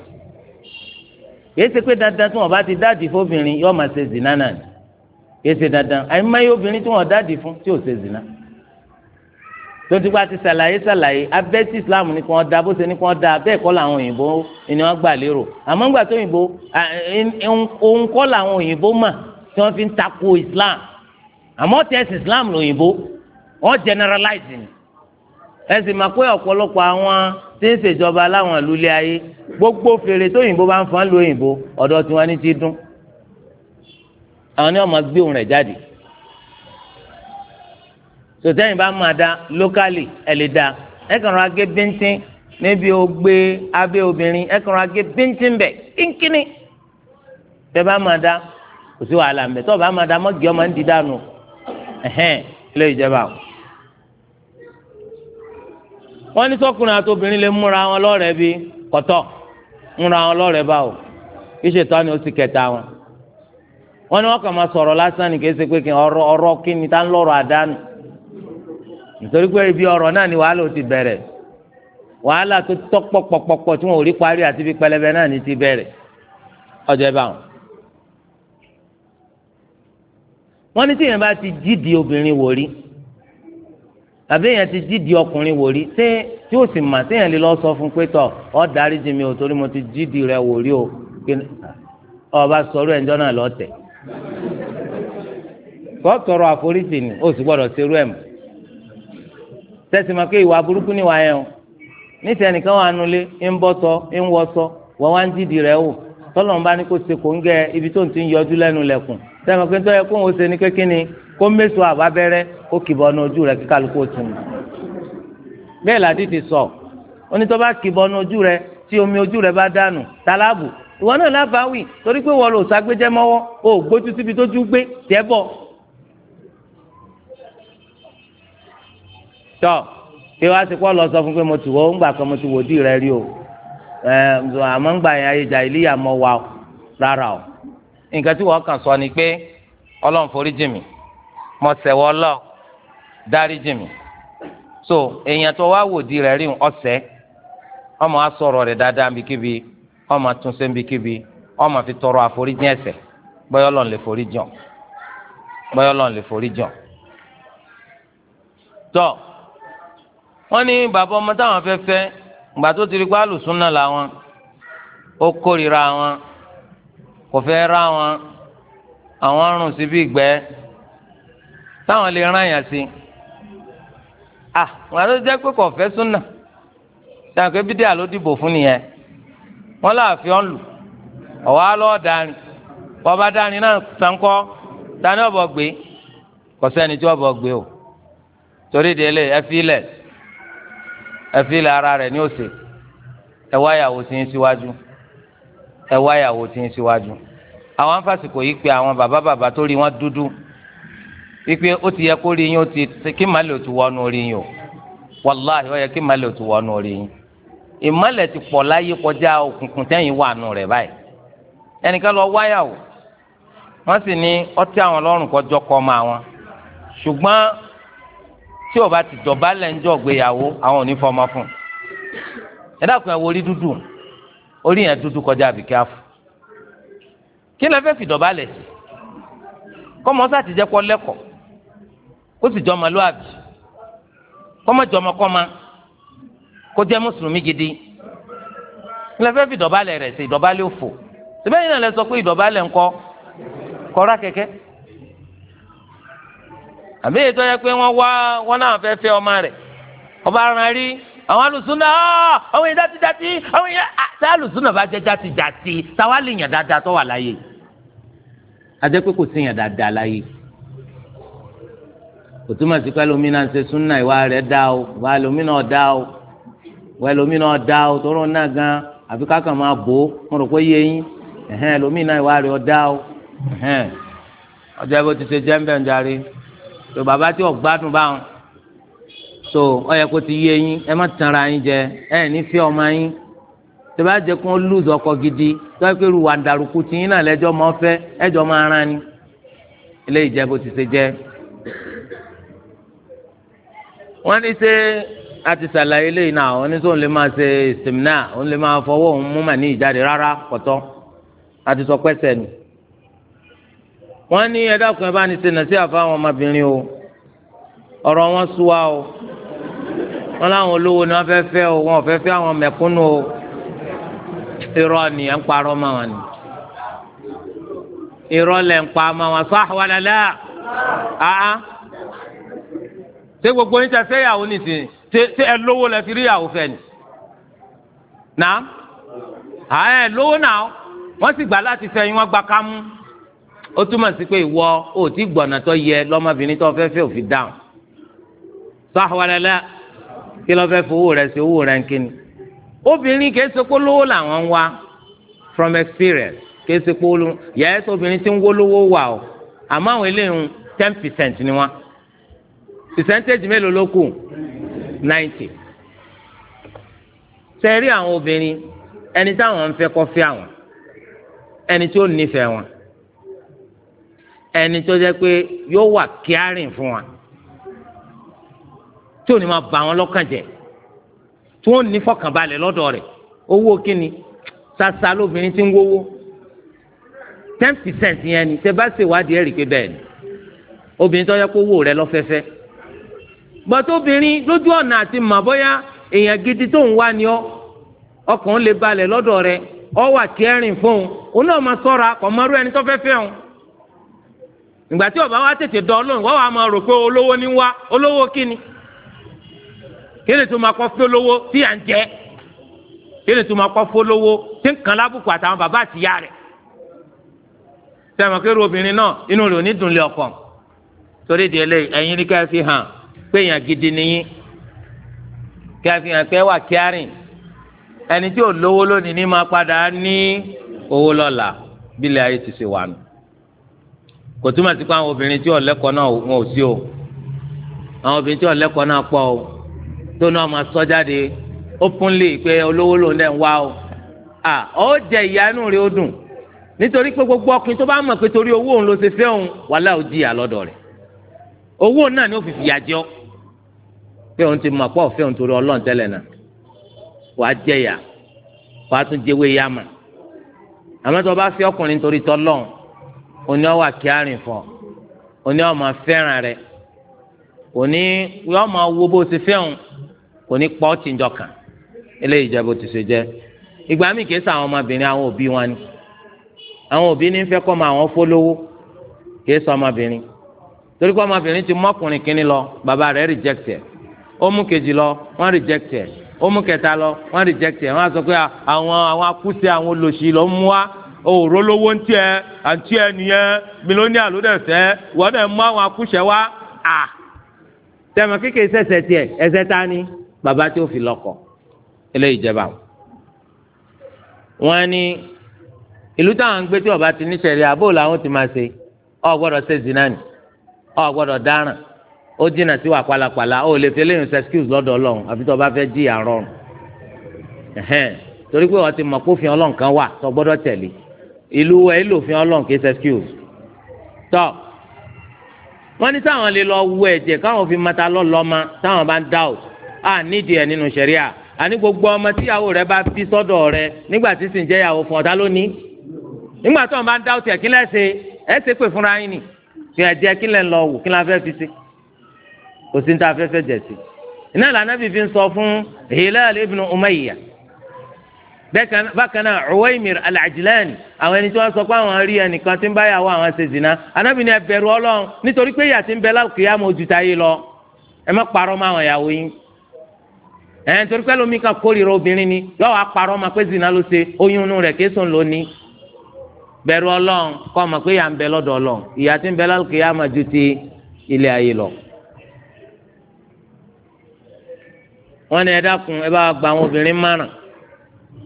ṣe pé dandan tí wọn bá ti dáàdì fóbìnrin yóò máa ṣe náà ni. kéésì dandan àyìnbáyé obìnrin tí wọn dáàdì fún tí ò ṣe zina tó ti gba ti ṣàlàyé ṣàlàyé abẹ́ tí islam ní kí wọ́n da bó ṣe ní kí wọ́n da bẹ́ẹ̀ kọ́ làwọn òyìnbó ni wọ́n gbà lérò àmọ́ ńgbà tó òyìnbó òun làwọn òyìnbó mà tí wọ́n fi ń tako islam àmọ́ tẹ́sí islam lòyìnbó wọ́n generalize ni ẹ sì máa pé ọ̀pọ̀lọpọ̀ àwọn tí ń ṣèjọba láwọn ìlú ilé ayé gbogbo fèrè tó òyìnbó bá ń fọ́n lu òyìnbó ọ̀dọ̀ tiwọn ní ti dún àwọn ni wọ́n máa gbé ohùn rẹ̀ jáde sòtẹ́yìn bá máa da lókàlì ẹ̀ lè da ẹ̀ kàn ra gé bíntín níbi ògbé abẹ́ obìnrin ẹ̀ kàn ra gé bíntín bẹ̀ kínkínní tẹ́ bá máa da kò sí wàhálà ń bẹ̀ tọ́ bá máa da mọ́gì ọmọ ń di dànù ẹ̀hẹ́n ilé ìjọba o. wọ́n ní sọ́kùnrin àti obìnrin lè múra wọn lọ́rẹ̀ẹ́ bí kọ̀tọ̀ múra wọn lọ́rẹ̀ẹ́ bá o kí ṣètò àná ó sì kẹta wọn. wọ́n ni wọ́n kàn máa sọ̀rọ̀ lásán ni kì í ṣe pé kí ni tá ń lọ́rọ̀ àdánù nítorí pé ibi náà ni wàhálà ó ti bẹ̀rẹ̀ wàhálà tó tọ́ pọ̀pọ̀pọ̀pọ̀ tí wọn ò rí parí àti ibi pẹlẹbẹ náà ni ti wọn. ní bá ti jídi obìnrin àbí ti jídi ọkùnrin tí ó sì mà lè lọ sọ fún pé ọ torí mo ti jídi rẹ o ọba náà lọ tẹ kọ́ tọrọ ni sì gbọ́dọ̀ ẹ̀ mọ́ tẹ́sí ma pé ìwà burúkú o níta ẹnìkan wà nulẹ̀ ń bọ́ sọ ń wọ sọ wọ́n wá ń dìdì rẹ̀ tọ́lọ̀ ń bá ní kó ṣe kó gẹ ibi tó ń ti yọjú lẹ́nu lẹ̀kùn tẹ́sí ma pé yẹ kó ń ṣe kó mẹ́sọ̀ àbábẹ́rẹ́ kó kìbọ̀ ní ojú rẹ̀ kí ìwọ náà lábàáwì torí pé wọ́n lò ságbéjẹ́ mọ́wọ́ o ò gbójú síbi tó tún gbé tẹ́ bọ̀. tọ kí wàá ti kọ́ lọ sọ fún pé mo ti wọ́ ńgbà kan mo ti wò dì rẹ rí o àmọ́ ńgbà yẹn ayéjà ìlíyà mọ́ wa rárá o nǹkan tí wọ́n kàn sọ ni pé ọlọ́run forí jì mí mo ṣẹ̀wọ́ ọlọ́run dárí jì mí so èèyàn tó wá wò di rẹ rí ọsẹ ọmọ asọrọ rẹ̀ dáadáa níbikíbi ó máa tún sẹ́ńbíkíbi ó máa fi tọrọ àforíjì ẹ̀ṣẹ̀ bọ́yọ́ lọ́n lè forí jàn bọ́yọ́ lọ́n lè forí jàn. tọ́ wọ́n ní bàbá ọmọ táwọn fẹ́ fẹ́ gbà tó ti rí pé alùsùn náà làwọn ó kórìíra wọn kò fẹ́ rá wọn àwọn rùn sí bí ìgbẹ́ táwọn lè rán yàn sí ah wọn àti jẹ́ pé kò fẹ́ súnà táwọn kò bí díà ló dìbò fún nìyẹn wọn láàfin ọ̀n lù ọ̀wá lọ́ọ́ darin bọ́ba darin náà sankọ́ tani ọ̀bọ̀ gbé kọ́sẹ́ni tí ọ̀bọ̀ gbé o torí délé ẹfílẹ̀ ẹfílẹ̀ ara rẹ̀ ní òsè ẹ wáyàwó tí ń síwájú ẹ wáyàwó tí ń síwájú àwọn afásitì yìí pe àwọn bàbá bàbá tó rí wọn dúdú wípé ó ti yẹ kó rí yín ó ti kí màlẹ́ ò wọnú rí yín o wàláhì ó yẹ kí màlẹ́ ò wọnú rí yín ìmọ̀lẹ̀ ti pọ̀ láyé kọjá òkùnkùn tẹ́yìn wà nù rẹ̀ báyìí ẹnìkan lọ wáyàwó wọ́n sì ní ọtí àwọn ọlọ́run kọjọ́ kọ́ ọmọ àwọn ṣùgbọ́n tí ó bá ti dọ̀bálẹ̀ ń jọ gbéyàwó àwọn ò ní fọmọ fún un ẹ dákun ẹ wo orí dúdú orí yẹn dúdú kọjá àbíkẹ́ àfọ̀ kí lẹ fẹ́ fi dọ̀bálẹ̀ sí kọ́mọ́sá ti jẹ́ kọ́ lẹ́kọ̀ọ́ kó sì jọmọ lóàbí kọ́mọ́jọmọkọ́mọ́. kó jẹ́ mùsùlùmí gidi ilẹ̀ fẹ́ fi ìdọ̀bálẹ̀ rẹ̀ sí ìdọ̀bálẹ̀ òfò síbẹ̀yìn náà lẹ sọ pé ìdọ̀bálẹ̀ ńkọ́ kọ́ra kẹ̀kẹ́ àbí ètò yẹ pé wọ́n wá wọ́n náà fẹ́ fẹ́ ọmọ rẹ̀ ọba aran rí àwọn alùsùnà àwọn yẹn jáde jáde àwọn yẹn tá alùsùnà bá jẹ́ jáde jáde táwa lè yàn dáadáa tó wà láyé adé pé kò sí yàn dáadáa o ìwà lómìnà wọ́n ẹlòmíì náà dá o tó rán náà gan àfi ká kàn máa bò ó mo rò pé yé yín ẹ̀hẹ́n ẹlòmíì náà ìwà rẹ̀ ọ dá o ẹ̀hẹ́n ọjọ́ ìbò ti ṣe jẹ́ ń bẹ̀ ń darí tó bàbá tí ò gbádùn báwọn tó ọ yẹ kó ti yé yín ẹ má tanra yín jẹ ẹ ní fẹ́ ọmọ yín tó bá jẹ kó lùzọ ọkọ gidi tó yẹ kó wà dàrúkú tí yín náà lẹ́jọ́ máa fẹ́ ẹjọ́ máa rán ni eléyìí jẹ́ bó ti ṣe jẹ́ wọ́n ní ṣe a ti ṣàlàyé lẹ́yìn náà àwọn oníṣòwò lè máa ṣe ìsìmínà òun lè máa fọwọ́ òun mú màní ìjáde rárá kọ̀tọ́ a ti sọ pẹ́sẹ̀ nù. wọ́n ní ẹ dákun ẹ bá ní sinà sí àfa àwọn ọmọbìnrin o ọ̀rọ̀ wọn súwa o wọ́n láwọn olówó ni wọ́n fẹ́ fẹ́ o wọn ò fẹ́ fẹ́ àwọn mẹ̀kúnnù o irọ́ ni ẹ̀ ń parọ́ mọ́ wọn ni irọ́ lẹ̀ ń pa mọ́ wọn sọ àwọn àlàlẹ́ àá ṣé gbogbo yín ta nìsín ṣe ẹ lówó lẹ fi rí ìyàwó ni ẹ lówó náà wọ́n sì gbà láti fẹ́ yín wọ́n gba kámú ó túmọ̀ sí pé ìwọ ò tí gbọ̀nà tó yẹ lọ́mọbìnrin tó fẹ́ fẹ́ fi dáhùn sáhùwalẹ́lẹ́ kí lọ́ fẹ́ fowó rẹ̀ sí owó rẹ̀ ń kíni obìnrin kìí ṣe pé lówó làwọn from experience kìí ṣe pé olú ti obìnrin tí ń wó lówó wà o àmọ́ àwọn eléyìí ni percentage mélòó ninety sẹ́rí àwọn obìnrin ẹni táwọn ń fẹ́ kọ́ fẹ́ àwọn ẹni tí ó nífẹ̀ẹ́ wọn ẹni tó jẹ́ pé yóò wà kíárìn fún wọn tí ò ní máa bà wọn lọ́kàn jẹ́ tí wọ́n ní fọkànbalẹ̀ lọ́dọ̀ rẹ̀ owó kíni sasa lóbìnrin tí ń wówó ten percent yẹn ni tẹ bá ṣèwádìí ẹ̀ pé bẹ́ẹ̀ ni obìnrin tó yẹ kó wò rẹ lọ́fẹ́fẹ́ gbàtóbìnrin lójú ọ̀nà àti màbọ́yá èèyàn gidi tó ń wá ni ọ ọkàn lè balẹ̀ lọ́dọ̀ rẹ̀ ọ wà kẹrin fún un òun náà máa sọ́ra kò mọ irú ẹni tó fẹ́ fẹ́ ìgbà tí ọba wa tètè dán lóhùn olówó olówó kíni kíni tó máa kọ́ fún olówó tí à ń jẹ kíni tó máa kọ́ fún olówó tí ń lábùkù àtàwọn bàbá àtìyá obìnrin náà inú hàn pé èèyàn gidi nìyí kí a fi hàn pé wà kíárìn ẹni tí ò lówó lónìí ní máa padà ní owó lọ́la bílẹ̀ ayé ti ṣe wà nù kò túmọ̀ sí pé àwọn obìnrin tí ò lẹ́kọ̀ọ́ náà wọn ò sí o àwọn obìnrin tí ò náà pọ̀ o tó náà máa sọ jáde openly pé olówó lòun dẹ̀ ń wá o à ó jẹ ìyanu rẹ ó dùn nítorí pé gbogbo ọkùnrin tó bá mọ̀ pé torí owó òun ló ṣe fẹ́ òun wàhálà ó jìyà lọ́dọ̀ rẹ̀ owó náà ni ó fi fìyà jẹ ọ́ pé ti mọ̀ pé ọ̀fẹ́ òun torí ọlọ́run tẹ́lẹ̀ náà wàá jẹyà wàá tún jẹwé àmọ́ tó o bá fi ọkùnrin torí tọ́lọ́run òní ọwà kíárìn ọ ọmọ fẹ́ràn rẹ òní ọmọ wo bó ti fẹ́hùn òní pọ́ tìjọ kàn eléyìí jẹ́ bó ti ṣe jẹ́ ìgbà míì kìí sọ àwọn ọmọbìnrin àwọn òbí wọn ni àwọn ma àwọn kìí sọ ọmọbìnrin torí kọ́ ọmọbìnrin ti mọ́kùnrin lọ bàbá rẹ̀ rìjẹ́kìtì ó mú kejì lọ wọ́n reject ẹ̀ ó mú kẹta lọ wọ́n reject ẹ̀ wọ́n á sọ pé àwọn àwọn akúṣe àwọn olòṣì ló mú wá òòró lówó ń tiẹ̀ àǹtí ẹ̀ nìyẹn mílíọ̀nìà ló dẹ̀ fẹ́ wọ́n dẹ̀ mú àwọn akúṣe wá à tẹ̀mọ̀ kékeré sẹ̀sẹ̀ tiẹ̀ ẹsẹ̀ ta ni bàbá tí ó fi lọ́kọ̀ eléyìí jẹba wọn ni ìlú táwọn ń gbé tí ọba ti ní sẹ̀rí àbó làwọn ti máa ṣe ọ gbọ́dọ̀ ṣe zinani ọ gbọ́dọ̀ dáràn ó jìnnà sí wà pàlàpàlà ó lè fi eléyìí ṣe excuse lọ́dọ̀ ọlọ́run àfi tó o bá fẹ́ jìyà rọrùn torí pé wọ́n ti mọ̀ kófin ọlọ́run kan wà tó gbọ́dọ̀ tẹ̀lé ìlú ẹ̀ ìlòfin ọlọ́run kì í ṣe excuse tọ́ wọ́n ní táwọn lè lọ wọ ẹ̀jẹ̀ káwọn fi mata lọ́lọ́mọ táwọn bá ń doubt. o à nídìí ẹ̀ nínú ṣẹ̀ríà àní gbogbo ọmọ tíyàwó rẹ bá fi sọ́dọ̀ rẹ nígbà tí sì ń jẹ́ ìyàwó fún ọ̀tá lónìí nígbà tó ń bá ń dá o kí lẹ́sẹ̀ ẹ̀ ṣe pé fúnra yín ni kí ẹ̀jẹ̀ kí lẹ́ ń lọ wò kí lẹ́ fẹ́ fi ṣe kò sí ní tá a fẹ́ fẹ́ jẹ̀ sí. iná ìlànà bíi fi ń sọ fún Hilal ibn Umayya bákan náà Uwaymir al-Ajlani àwọn ẹni tí wọ́n sọ pé àwọn rí ẹnìkan tí ń báyàwó àwọn ṣe zina anábì ní ẹ bẹ̀rù Ọlọ́run nítorí pé ìyà tí ń bẹ lákìyà mọ ojú táyé lọ ẹ má parọ́ mọ́ àwọn ìyàwó yín ẹ nítorí pé lómi kan kórìíra obìnrin ni yọ wá parọ́ mọ́ pé zina ló ṣe oyún inú rẹ̀ kí sùn lónìí bẹ̀rù Ọlọ́run kọ́ mọ̀ pé ìyà ń bẹ lọ́dọ̀ Ọlọ́run ìyà tí ń bẹ lákìyà mọ ilé ayé lọ. wọ́n ní ẹ dákun ẹ bá gba àwọn obìnrin márùn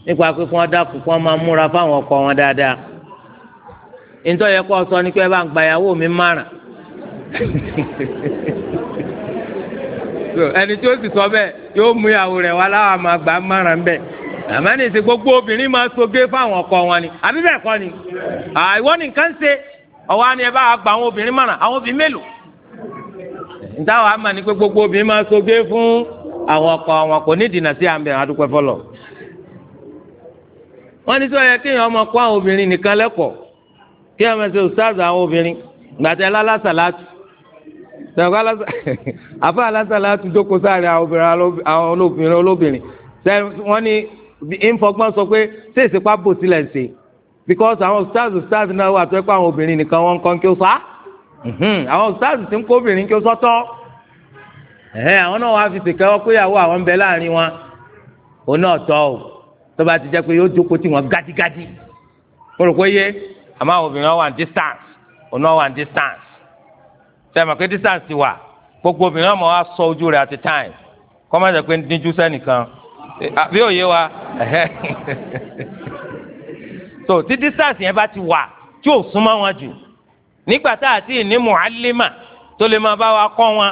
nípa pé kí wọ́n dákun kí wọ́n máa múra fáwọn ọkọ wọn dáadáa nítorí ẹ kọ́ sọ ni pé ẹ bá ń gba ìyàwó mi márùn ẹni tí ó sì sọ bẹ́ẹ̀ yóò mú ìyàwó rẹ̀ wá láwọn àmọ́ àgbà márùn bẹ́ẹ̀ àmọ́ ní ìsìn gbogbo obìnrin máa soge fáwọn ọkọ wọn ni àbí bẹ́ẹ̀ kọ́ ni ìwọ ni nǹkan ṣe ọwọ́ ni ẹ bá gba àwọn obìnrin mọ̀ràn àwọn obìnrin mélòó. níta wàá mà pé gbogbo obìnrin máa soge fún àwọn ọkọ wọn kò ní dìnnà sí àmì àdúpẹ́ fọlọ́ wọ́n ní sọ yẹ kéèyàn ọmọ kọ́ àwọn obìnrin nìkan lẹ́kọ̀ọ́ kéèyàn ọmọ ṣe òṣàzù àwọn obìnrin gbàtẹ́ lálásà látù sọ̀rọ̀ àfa alásà látù jókòó sáré àwọn olóbìnrin olóbìnrin wọ́n ní ìfọgbọ́n sọ pé ṣé ìsìnkú àbò sílẹ̀ ṣe because àwọn stars stars náà wà tó ẹ pé àwọn obìnrin nìkan wọ́n kọ́ kí ó sọ àwọn stars ti ń kó obìnrin kí ó sọ́tọ́. So ẹ̀hẹ́n àwọn náà wàá fi ṣèkẹ́wọ́ pé ìyàwó àwọn ń bẹ láàrin wọn òun náà tọ́ o tó bá ti jẹ́ pé yóò jókòó tì wọ́n gádígádí mo rò pé yé àmọ́ obìnrin wà ní distance òun náà wà ní distance sẹ́mi pé distance ti wà gbogbo obìnrin ọmọ wa sọ ojú rẹ̀ àti time kọ́mọ́tà pé níjú sẹ́nìkan bí òye wa so tí distance yẹn bá ti wà tí ò súnmọ́ wọn jù nígbà tá àti ìní mu'allima tó lè máa bá wa kọ́ wọn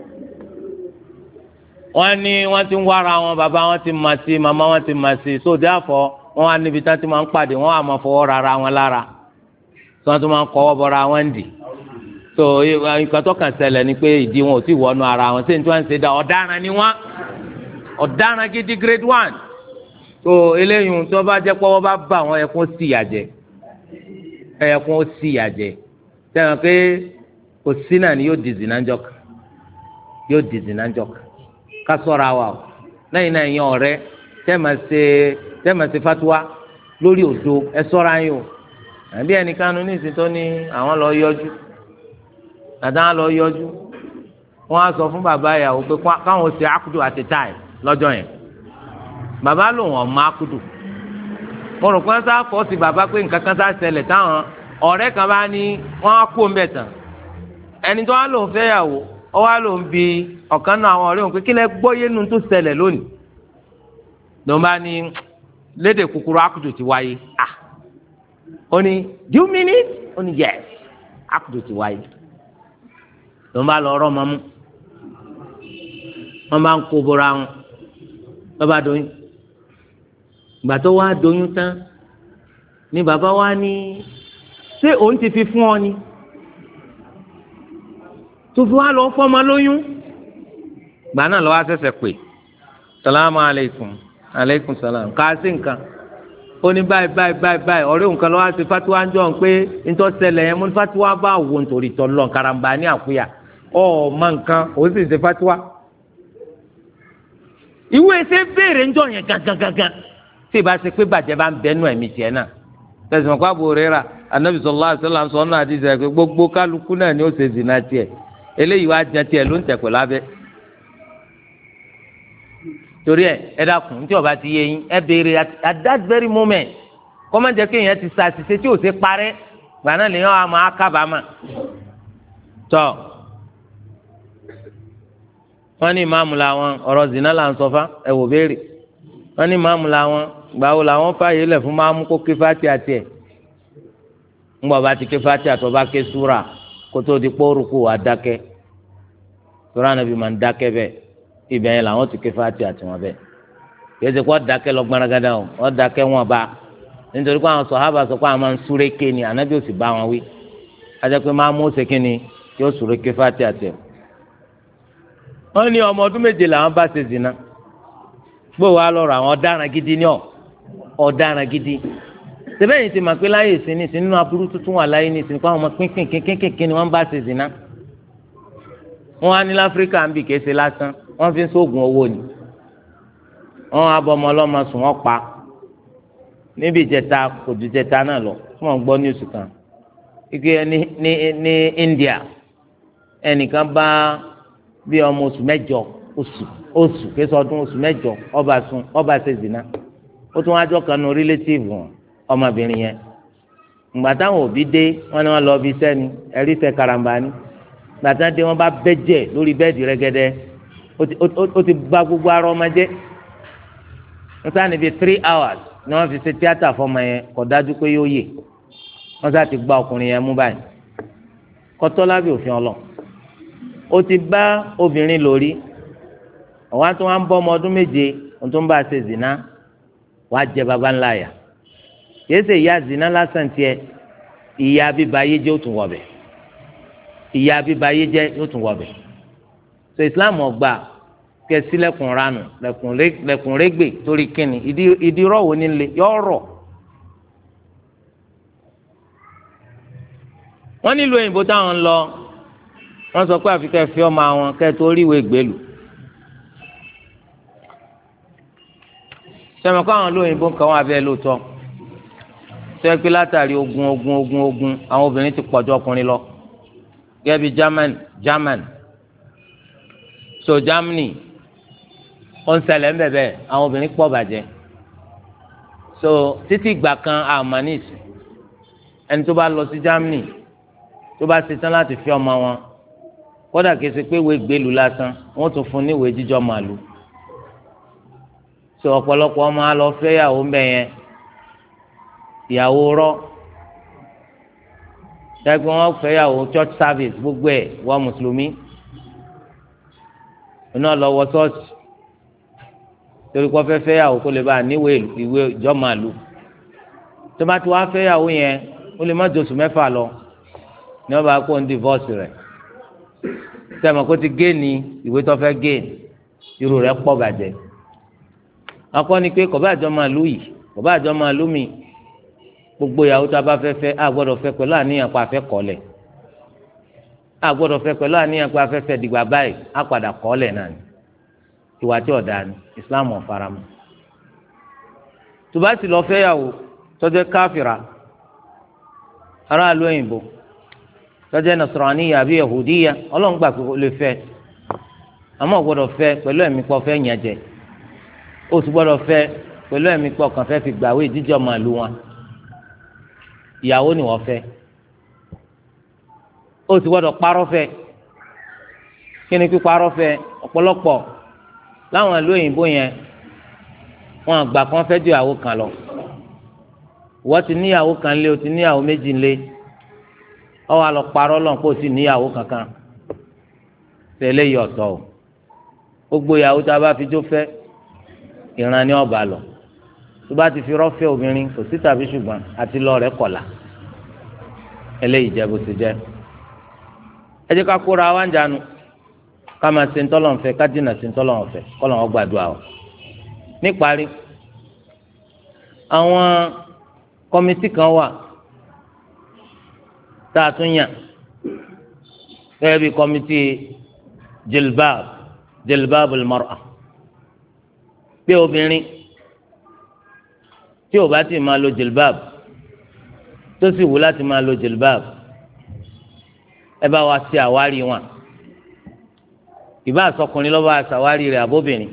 wọ́n ní wọ́n ti ń wára wọn bàbá wọn ti mà sí màmá wọn ti mà sí so therefore wọ́n wá níbi tá ti máa ń pàdé wọ́n á máa fọwọ́ rárá wọn lára tí wọ́n tún máa ń kọ́wọ́ bọ́ra wọn dì so nǹkan tó kàn ṣẹlẹ̀ ni pé ìdí wọn ò tí wọnú ara wọn ṣé ní tí wọ́n ń ṣe dá ọ̀daràn ni wọ́n ọ̀daràn gidi grade one so eléyìí tó bá jẹ́ pọ́wọ́ bá bà wọ́n ẹkún sí ìyàjẹ́ ẹkún ó sí ìyàjẹ́ sẹ́wọ̀n pé kò sí náà ni yóò dìzì náà jọ̀ka yóò dìzì náà jọ̀ka ká ṣọ́ra wa o lẹ́yìn náà yan ọ̀rẹ́ tẹ́ẹ̀mà se fatuwa lórí òdo ẹ ṣọ́ra yín o àbí ẹnìkan ní ìsìn tó ní àwọn lọ yọjú àtàwọn lọ yọjú wọn á sọ fún bàbá ìyàwó pé káwọn ṣe akudu àti táì lọ́jọ́ yẹn bàbá lòun ọ̀ma akudu mo rò pé wọ́n sá fọ́ sí bàbá pé nǹkan kan sá ṣẹlẹ̀ táwọn ọ̀rẹ́ kan bá ní wọ́n á kó ń tán ẹni tó wá lòun fẹ́ yàwó ó wá ló ń bi ọ̀kan náà àwọn ọ̀rẹ́ òun pé kí lẹ gbọ́ yé nu tó ṣẹlẹ̀ lónìí ló ń bá ní lédè kúkúrú akutu ti wáyé ah ó ní do you mean it ó ní yes akutu ti wáyé ló ń bá lọ ọ̀rọ̀ mọ́mú wọ́n bá ń kó bora wọn bàbá doyún ìgbà tó wá doyún tán ni bàbá wa ní ṣé òun ti fi fún ọ ni tó fi wá lọ fọmọ lóyún gbà náà lọ́wọ́ sẹ̀sẹ̀ pè salamu aleykum aleykum salam kàásì nǹkan ó ní báyìí báyìí báyìí báyìí ọ̀rẹ́ nǹkan lọ́wọ́ àti fatiwa ń jọ̀ pé ntọ́ ṣẹlẹ̀ yẹn mo ní fatiwa bá wò nítorí tọ́lọ́ karamba ní àkúyà ọ̀ ma nǹkan ó sì ṣe fatiwa. ìwé ṣe béèrè ń jọ yẹn gangan tí ìbá ṣe pé bàjẹ́ bá ń bẹnu ẹ̀mí tiẹ̀ náà tẹ̀sán kó àbúrò anabi sallallahu alaihi wasallam sọ náà àti ìṣẹ̀kẹ́ gbogbo kálukú náà ni ó ṣe zina tiẹ̀ eléyìí wá jẹ tiẹ̀ ló ń tẹ̀ pẹ̀lú abẹ́ torí ẹ ẹ dákun tí ọba ti yé yín ẹ béèrè at that very moment kọ́mọ̀jẹ́ kéèyàn ti sa àṣìṣe tí ò ṣe parẹ́ gbaná lèèyàn àmọ́ akábàámà tọ́ wọ́n ní ìmáàmù làwọn ọ̀rọ̀ zina là ń sọ fá ẹ wò béèrè wọ́n ní ìmáàmù làwọn gbàwó làwọn fààyè lẹ̀ fún máàmù kó ké fàtì àti ẹ̀ bá ti ké fàtì àtọ́ ké súra kótó di kpóruku adákẹ́ tóra nàbí máa ń dákẹ́ bẹ́ẹ̀ ibẹ̀ yẹn làwọn ti ké fati àti wọn bẹ́ẹ̀ yéé ti kó dákẹ́ lọ gbaragada o wọ́n dákẹ́ wọn bá nítorí pé àwọn sọ̀hábà sọ pé àwọn máa ń súré ké ni ànábì ò sì bá wọn wí ajá pé máa mú ṣe kíni yóò súré ké fati àti ẹ̀ wọ́n ọmọ ọdún méje làwọn bá ṣe zina gbówó alọ́rọ̀ àwọn ọ̀daràn gidi ni ọ̀ ọ̀daràn gidi sẹ́bẹ̀yìn ti mọ̀ pé láyé ìsìn ní ìsìn nínú aburú tuntun wà láyé ní ìsìn kó àwọn ọmọ pínpín kínkínkínkín ni wọn bá ṣe zina wọn á ní láfíríkà ń bì kése lásán wọn fi ń sóògùn owó ni wọ́n á bọ́ sùn wọ́n pa níbi ìjẹta kò ju ìjẹta náà lọ wọn wọ́n kan ike ọba sùn ọba ṣe ó tún wájọ kan ọmọbìnrin yẹn ìgbà táwọn òbí dé wọn ni wọn lọ bí sẹni ẹrí tẹ karamba ni gbàtà dé wọn bá bẹjẹ lórí bẹ́ẹ̀dì rẹ́gẹ́dẹ́ ó ti gba gbogbo ara ọmọ jẹ wọn sá níbi three hours ni wọn fi ṣe tíátà fọmọ yẹn kò dájú pé yóò yè wọn sá ti gba ọkùnrin yẹn mú báyìí kọtọlá bí òfin ọlọ ó ti bá obìnrin lórí àwọn àti wọn bọ ọmọ ọdún méje ohun bá a ṣe zina wàá jẹ baba ńlá yàá kìí ṣe ìyá zina lásán tiẹ̀ ìyá bíbáyé jẹ́ ó tún wọ̀ bẹ̀ ìyá bíbáyé jẹ́ ó tún wọ̀ bẹ̀ so Islam ọgbà kẹ sílẹ̀kùn ranù lẹ̀kùn rẹ́gbẹ̀ torí kíni ìdí rọ̀wọ́ nílé yọ rọ̀. wọ́n nílò òyìnbó táwọn ń lọ wọ́n sọ pé àfi kẹ́ fi ọmọ àwọn kẹ́ tó ríwèé gbèlú. sọ̀rọ̀ kọ́ àwọn olóyìnbó kan wà bẹ́ẹ̀ lóòótọ́ sọ pé látàrí ogun ogun ogun ogun àwọn obìnrin ti pọ̀jù ọkùnrin lọ gẹ́gẹ́ bí German German so Germany ó ń ṣẹlẹ̀ ń bẹ̀bẹ̀ àwọn obìnrin pọ̀ bàjẹ́ so títí ìgbà kan amanis ẹni tó bá lọ sí Germany tó bá ṣetán láti fi ọmọ wọn kódà kìí ṣe pé ìwé gbèlú lásán wọ́n tún fún ní ìwé jíjọ màlúù so ọ̀pọ̀lọpọ̀ ọmọ alọ́ ń bẹ̀ yẹn ìyàwó rọ́ dẹ́gbẹ́ wọn fẹ́ yàwó church service gbogbo ẹ̀ wọ́n mùsùlùmí iná lọ wọ ṣọ́ọ̀ṣì torí kọ́ fẹ́ fẹ́ yàwó kó lè bá níwèé ìwé ìjọ́mọ̀ àlù tó bá ti wá fẹ́ yàwó yẹn ó lè má jòsù mẹ́fà lọ ní wọ́n bá kó ń divorce rẹ̀ sẹ́mi kó ti géènì ìwé tó fẹ́ géènì irú rẹ̀ pọ̀ bàjẹ́ akọ́ni pé kọ̀bá àjọ máa lù yìí kọ̀bá àjọ máa lù mí gbogbo ìyàwó tó a bá fẹ́ fẹ́ a gbọ́dọ̀ fẹ́ pẹ̀lú àníyàn pa afẹ́ kọ́lẹ̀ a gbọ́dọ̀ fẹ́ pẹ̀lú àníyàn pa afẹ́ fẹ́ dìgbà báyìí a padà kọ́lẹ̀ náà ni ìwà tí ọ̀dà ni Islam ọ̀faramọ́ tó bá sì lọ fẹ́ yàwó tó jẹ́ káfìrà aráàlú òyìnbó tó jẹ́ nasaraniya àbí yahudiya ọlọ́run gbà pé o lè fẹ́ àmọ́ o gbọ́dọ̀ fẹ́ pẹ̀lú ẹ̀mí pọ̀ fẹ́ yẹn o sì gbọ́dọ̀ fẹ́ pẹ̀lú ẹ̀mí pọ̀ kàn fẹ́ fi gbàwé ìdíjọ́ màlúù ìyàwó ni wọ́n fẹ́ ó sì gbọ́dọ̀ parọ́ fẹ́ kí ni píparọ́ fẹ́ ọ̀pọ̀lọpọ̀ láwọn ìlú òyìnbó yẹn wọn àgbà kan fẹ́ ju ìyàwó kan lọ wọ́n ti níyàwó kan lé o ti níyàwó méjì lé ọ wà lọ parọ́ lọ́n kó o sì níyàwó kankan tẹ́lẹ̀ yọ̀tọ̀ o gbogbo ìyàwó tá a bá fi jó fẹ́ ìran ni ọba lọ tó bá ti fi rọ́fẹ́ obìnrin kò sí tàbí ṣùgbọ́n àti lọ rẹ̀ kọ̀la eléyìí jẹ́ bó ti jẹ́ ẹ jẹ́ ká kóra wá ń jánu ká máa ṣe ńtọ́lọ̀ ńfẹ́ ká dínà ṣe ńtọ́lọ̀ ńfẹ́ kọ́lọ̀ wọn gbàdúrà o níparí àwọn kọ́mítì kan wà tá a tún yàn gẹ́gẹ́ bí kọ́mítì jilbab jilbab al pé obìnrin tí ò bá ti máa lo jilbab tó sì wù láti máa lo jilbab ẹ bá wa ṣe àwárí wọn ìbá àsọkùnrin lọ́ba àṣàwárí rẹ̀ àbóbìnrin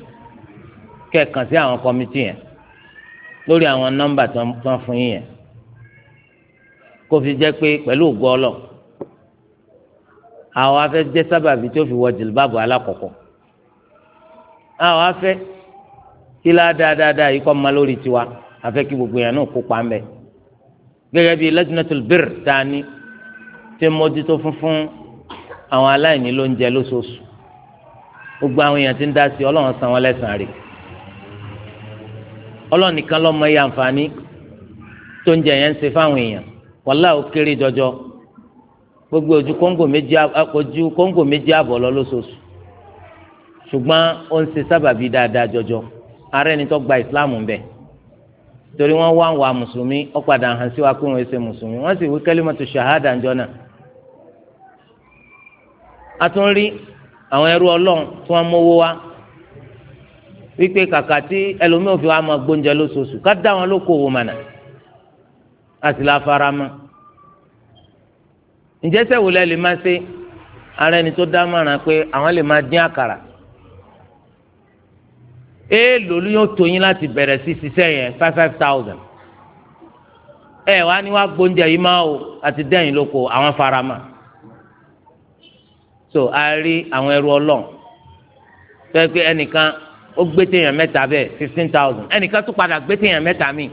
kẹ̀kan sí àwọn kọ́mítì yẹn lórí àwọn nọ́mbà tó ń fún yín yẹn kó fi jẹ́ pé pẹ̀lú ògbọ́lọ̀ àwọn afẹ́ jẹ́ sábàbí tó fi wọ jìlbáàbù alákọ̀ọ́kọ́ àwọn afẹ́ kí lá dáadáa yìí kọ́ ma lórí tiwa afẹ́ kí gbogbo yẹn náà kópa ń bẹ̀ gẹ́gẹ́ bíi lajnatul bir tani tí mójútó funfun àwọn aláìní ló ń jẹ lóṣooṣù gbogbo àwọn èèyàn ti ń dá sí ọlọ́run san wọn lẹ́sàn-án rẹ̀ ọlọ́run nìkan ló mọ iye àǹfààní tó ń jẹ yẹn ń ṣe fáwọn èèyàn wàhálà ó kéré jọjọ gbogbo ojú kóńgò méjì ojú kóńgò méjì àbọ̀ lọ lóṣooṣù ṣùgbọ́n ó ń ṣe sábàbí dáadáa jọjọ ààrẹ ni tó gba ìsìláàmù ń bẹ̀ẹ́ torí wọ́n wá wà mùsùlùmí ó padà hàn sí wa pé wọ́n ṣe mùsùlùmí wọ́n sì wí kalimatu shahada ńjọ́ náà. a tún rí àwọn ẹrú ọlọ́run tí wọ́n mówó wá wípé kàkà tí ẹlòmíì òfin wa máa gbóúnjẹ lóṣooṣù ká dá wọn lóko òwò mànà àti láfaramọ́ ǹjẹ́ sẹ́wò lè máa ṣe ara ẹni tó dá mọ̀ràn pé àwọn lè máa dín àkàrà èèlò ló yóò tó yín láti bẹ̀rẹ̀ sí ṣiṣẹ́ yẹn five five thousand ẹ wá ní wá gbóúnjẹ yìí máa o àti dẹ́yìn lóko àwọn farama so a rí àwọn ẹrú ọlọ́run tó yẹ pé ẹnìkan ó gbé téèyàn mẹ́ta bẹ́ẹ̀ fifteen thousand ẹnìkan tún padà gbé téèyàn mẹ́ta míì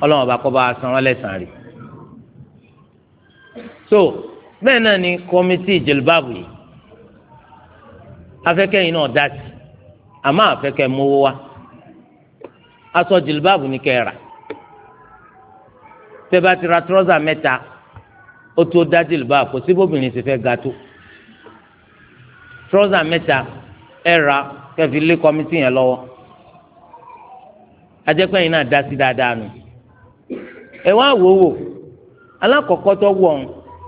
ọlọ́run ọba kọ́ bá san wọ́n lẹ́sàn-án rí so bẹ́ẹ̀ náà ni kọ́mítì ìjẹ̀lúbàbù yìí afẹ́kẹ́yìn náà dá sí àmọ́ àfẹ́kẹ́ mówó wa aṣọ jìlbáàbù ni kẹ́ ẹ rà tẹ́ bá ti ra trọ́sà mẹ́ta ó tó dá jìlbáàbù kò sí bóbìnrin ti fẹ́ ga tó trọ́sà mẹ́ta ẹ rà kẹfì lé kọ́mítì yẹn lọ́wọ́ ajẹ́pẹ́yìn náà dá sí dáadáa nù ẹ wá wò wò alákọ̀ọ́kọ́ tó wọ̀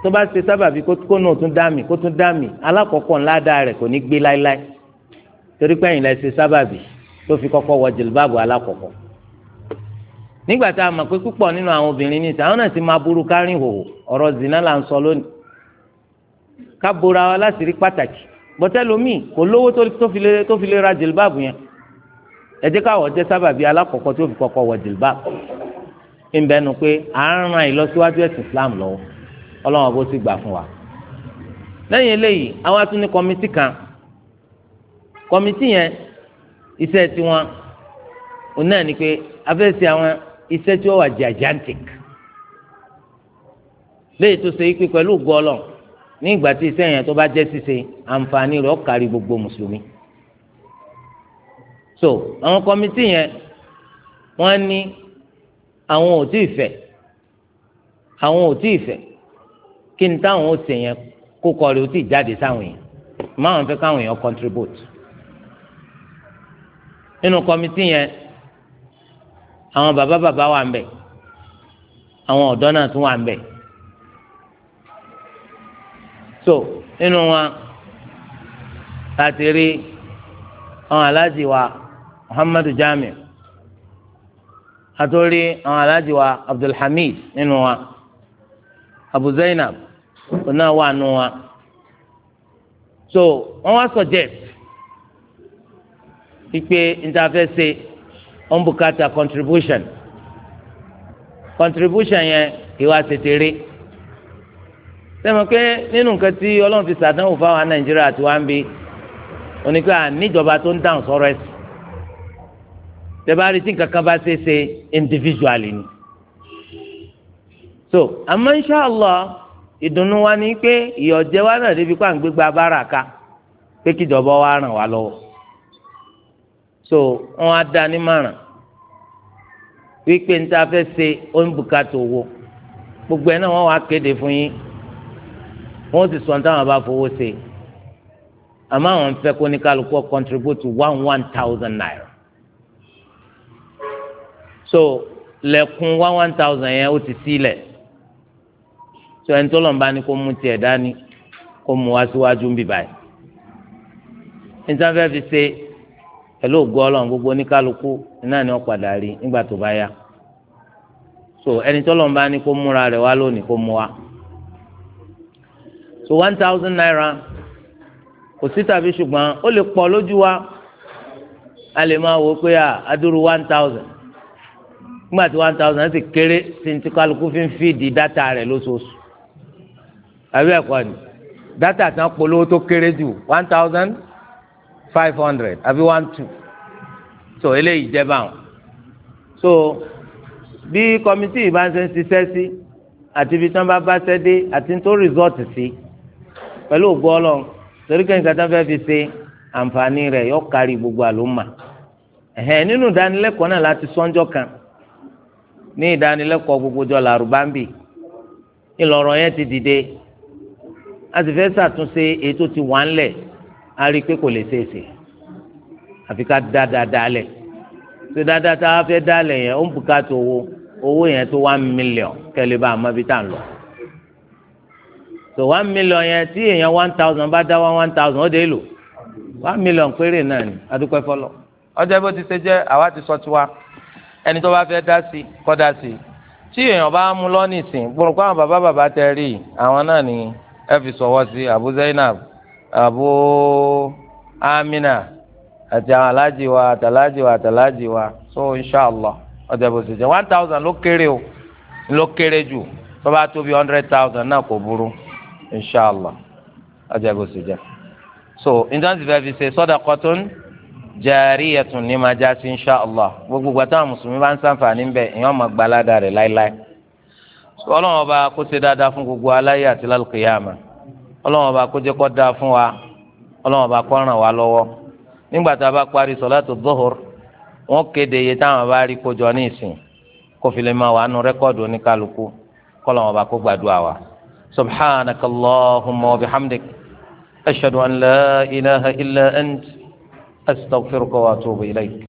tó bá ṣe sábàbí kó náà tún dá mi kó tún dá mi alákọ̀ọ́kọ́ ńlá dáa rẹ̀ kò ní gbé láéláé torí pé ẹ̀yin lẹ ṣe sábàbí tó fi kọ́kọ́ wọ jìlbáàbù alákọ̀ọ́kọ́ nígbà tá a mọ̀ pé púpọ̀ nínú àwọn obìnrin ní ìta àwọn náà ti máa burú kárìn hòhò ọ̀rọ̀ zina là ń sọ lónìí ká bora wa láti rí pàtàkì bọ́tẹ́lómi kò lówó tó fi lè ra jìlbáàbù yẹn ẹ jẹ́ káwọ̀ jẹ́ sábàbí alákọ̀ọ́kọ́ tó fi kọ́kọ́ wọ jìlbáàbù ńbẹnu pé à ń ran ìlọsíwájú ẹ̀sìn Islam lọ́wọ́ Ọlọ́run kọmitì yẹn iṣẹ́ tiwọn òun náà ni pé afẹ́sẹ̀ àwọn iṣẹ́ tí ó wà gigantic léyìí tó ṣe ikú pẹ̀lú gọ́ọ̀lọ̀ ní ìgbà tí iṣẹ́ yẹn tó bá jẹ́ ṣíṣe àǹfààní rẹ̀ ó gbogbo mùsùlùmí so àwọn kọmitì yẹn wọ́n ní àwọn ò tí ì fẹ́ àwọn ò tí ì fẹ́ kí n táwọn ó ṣe kó kọ́ rẹ̀ ó jáde sáwọn yẹn máa wọn fẹ́ káwọn yẹn contribute nínú kọmitì yẹn àwọn bàbá bàbá wà ń àwọn ọ̀dọ́ náà tún wà so nínú wọn láti àwọn aláàjì wa Muhammadu Jamiu àtòrí àwọn aláàjì wa Abdulhamid nínú wa Abu Zainab ọ̀nà wà nù wa so wọn wá pípé ntàfẹ́ ṣe ọ̀nbùkátà contribution contribution yẹn ìwà ṣètèrè sẹ́mi pé nínú nǹkan tí ọlọ́run fi ṣàdánwò fáwọn nàìjíríà tí wọ́n á ń bi oníkà níjọba tó ń dáhùn sọ̀rọ̀ ẹ̀sìn tẹ́bárí tí nǹkan kan bá ṣe ṣe individually ni so àmọ́ inṣàlá ìdùnnú wa ni pé ìyọ̀jẹ́ wa náà débi pa à bára ká pé kíjọba wa ràn wá lọ́wọ́ so wọn á dá ní márùn wípé níta fẹ́ ṣe oníbùkátà owó gbogbo ẹ̀ náà wọ́n wá kéde fún yín wọ́n sì sọ táwọn bá fowó ṣe àmọ́ àwọn ń fẹ́ kó ní kálukú contribute one one thousand naira so lẹ́kùn one one thousand yẹn ó ti sílẹ̀ so ẹni tó lọ́n bá ní kó mú tiẹ̀ dání kó mú wá síwájú ń bì báyìí níta fẹ́ fi ṣe pẹ̀lú ògo ọlọ́run gbogbo oníkálukú náà ni wọ́n padà rí nígbà tó bá yá so ẹni tọ́lọ́run bá ní kó múra rẹ̀ wá lónìí kó mú wa so one thousand naira kò sí tàbí ṣùgbọ́n ó lè pọ̀ lójú wa a lè máa wò ó pé à adúrú one thousand nígbà tí one thousand ti kéré sí ní tí kálukú fi ń fìdí dátà rẹ̀ lóṣooṣù àbí ẹ̀kọ́ ni dátà tán polówó tó kéré jù one thousand five hundred àbí one two so eléyìí jẹ́ báwọn so bí kọ́mítì yìí bá ń ṣe ń ṣiṣẹ́ sí àti ibi tí wọ́n bá bá ṣẹ́ dé àti tó rìsọ́ọ̀tì sí pẹ̀lú ògbó ọlọ́run torí kẹ́hìn kata fẹ́ fi ṣe àǹfààní rẹ̀ yọ kárí gbogbo àlómà ẹ̀hẹ́n nínú ìdánilẹ́kọ̀ọ́ náà láti sọ́njọ́ kan ní ìdánilẹ́kọ̀ọ́ gbogbo jọ làrúbáńbì ìlọ̀rọ̀ yẹn ti dìde a sì fẹ́ ṣàtúnṣe èyí tó ti wà ńlẹ̀ Ari rí i pé kò lè ṣeéṣe àfi ká dá dáadáa lẹ̀ tó dáadáa tá a fẹ́ dá lẹ̀ yẹn ó ń bùkátà owó owó yẹn tó one million kẹ́lẹ́ bá a mọ ibi tá lọ so one million yẹn tí èèyàn one thousand bá dá one one thousand ó dé lò one million péré náà ni adúpẹ́ fọlọ́ ọjọ́ bó ti ṣe jẹ́ àwa ti sọ tiwa ẹni tó bá fẹ́ dá sí kọ́ dá sí tí èèyàn bá mú lọ nìsín gbọ̀nrún kó àwọn bàbá bàbá tẹ rí àwọn náà ni ẹ fi sọ̀wọ́ sí Abu Zainab abu amina àti àwọn aláàjì wa àtàlájì wa àtàlájì wa so inshallah ọjà bó ṣe jẹ one thousand ló kéré o ló kéré jù tó bá tó bí hundred thousand náà kò burú inshallah ọjà bó ṣe jẹ so intanti fẹ́ fi ṣe sadaqatun jariyatun ní máa já sí inshallah gbogbo gbàtà àwọn mùsùlùmí bá ń sàǹfààní bẹ ìyẹn ọmọ gbalada rẹ láéláé ọlọ́run ọba kó ṣe dáadáa fún gbogbo aláyé àti lálùkìyàmà ọlọ́run ọba kó jẹ́ kó dáa fún wa ọlọ́run ọba kó ràn wá lọ́wọ́ nígbà tá a bá parí sọ̀látù dọ́hùr wọ́n kéde iye táwọn bá rí kójọ ní ìsìn kó fi lè máa wà nù rẹ́kọ́ọ̀dù oníkálukú kọ́lọ́run ọba kó gbàdúrà wa subhanaka allahumma wa bihamdik ashhadu an la ilaha illa ant astaghfiruka wa atubu ilayk.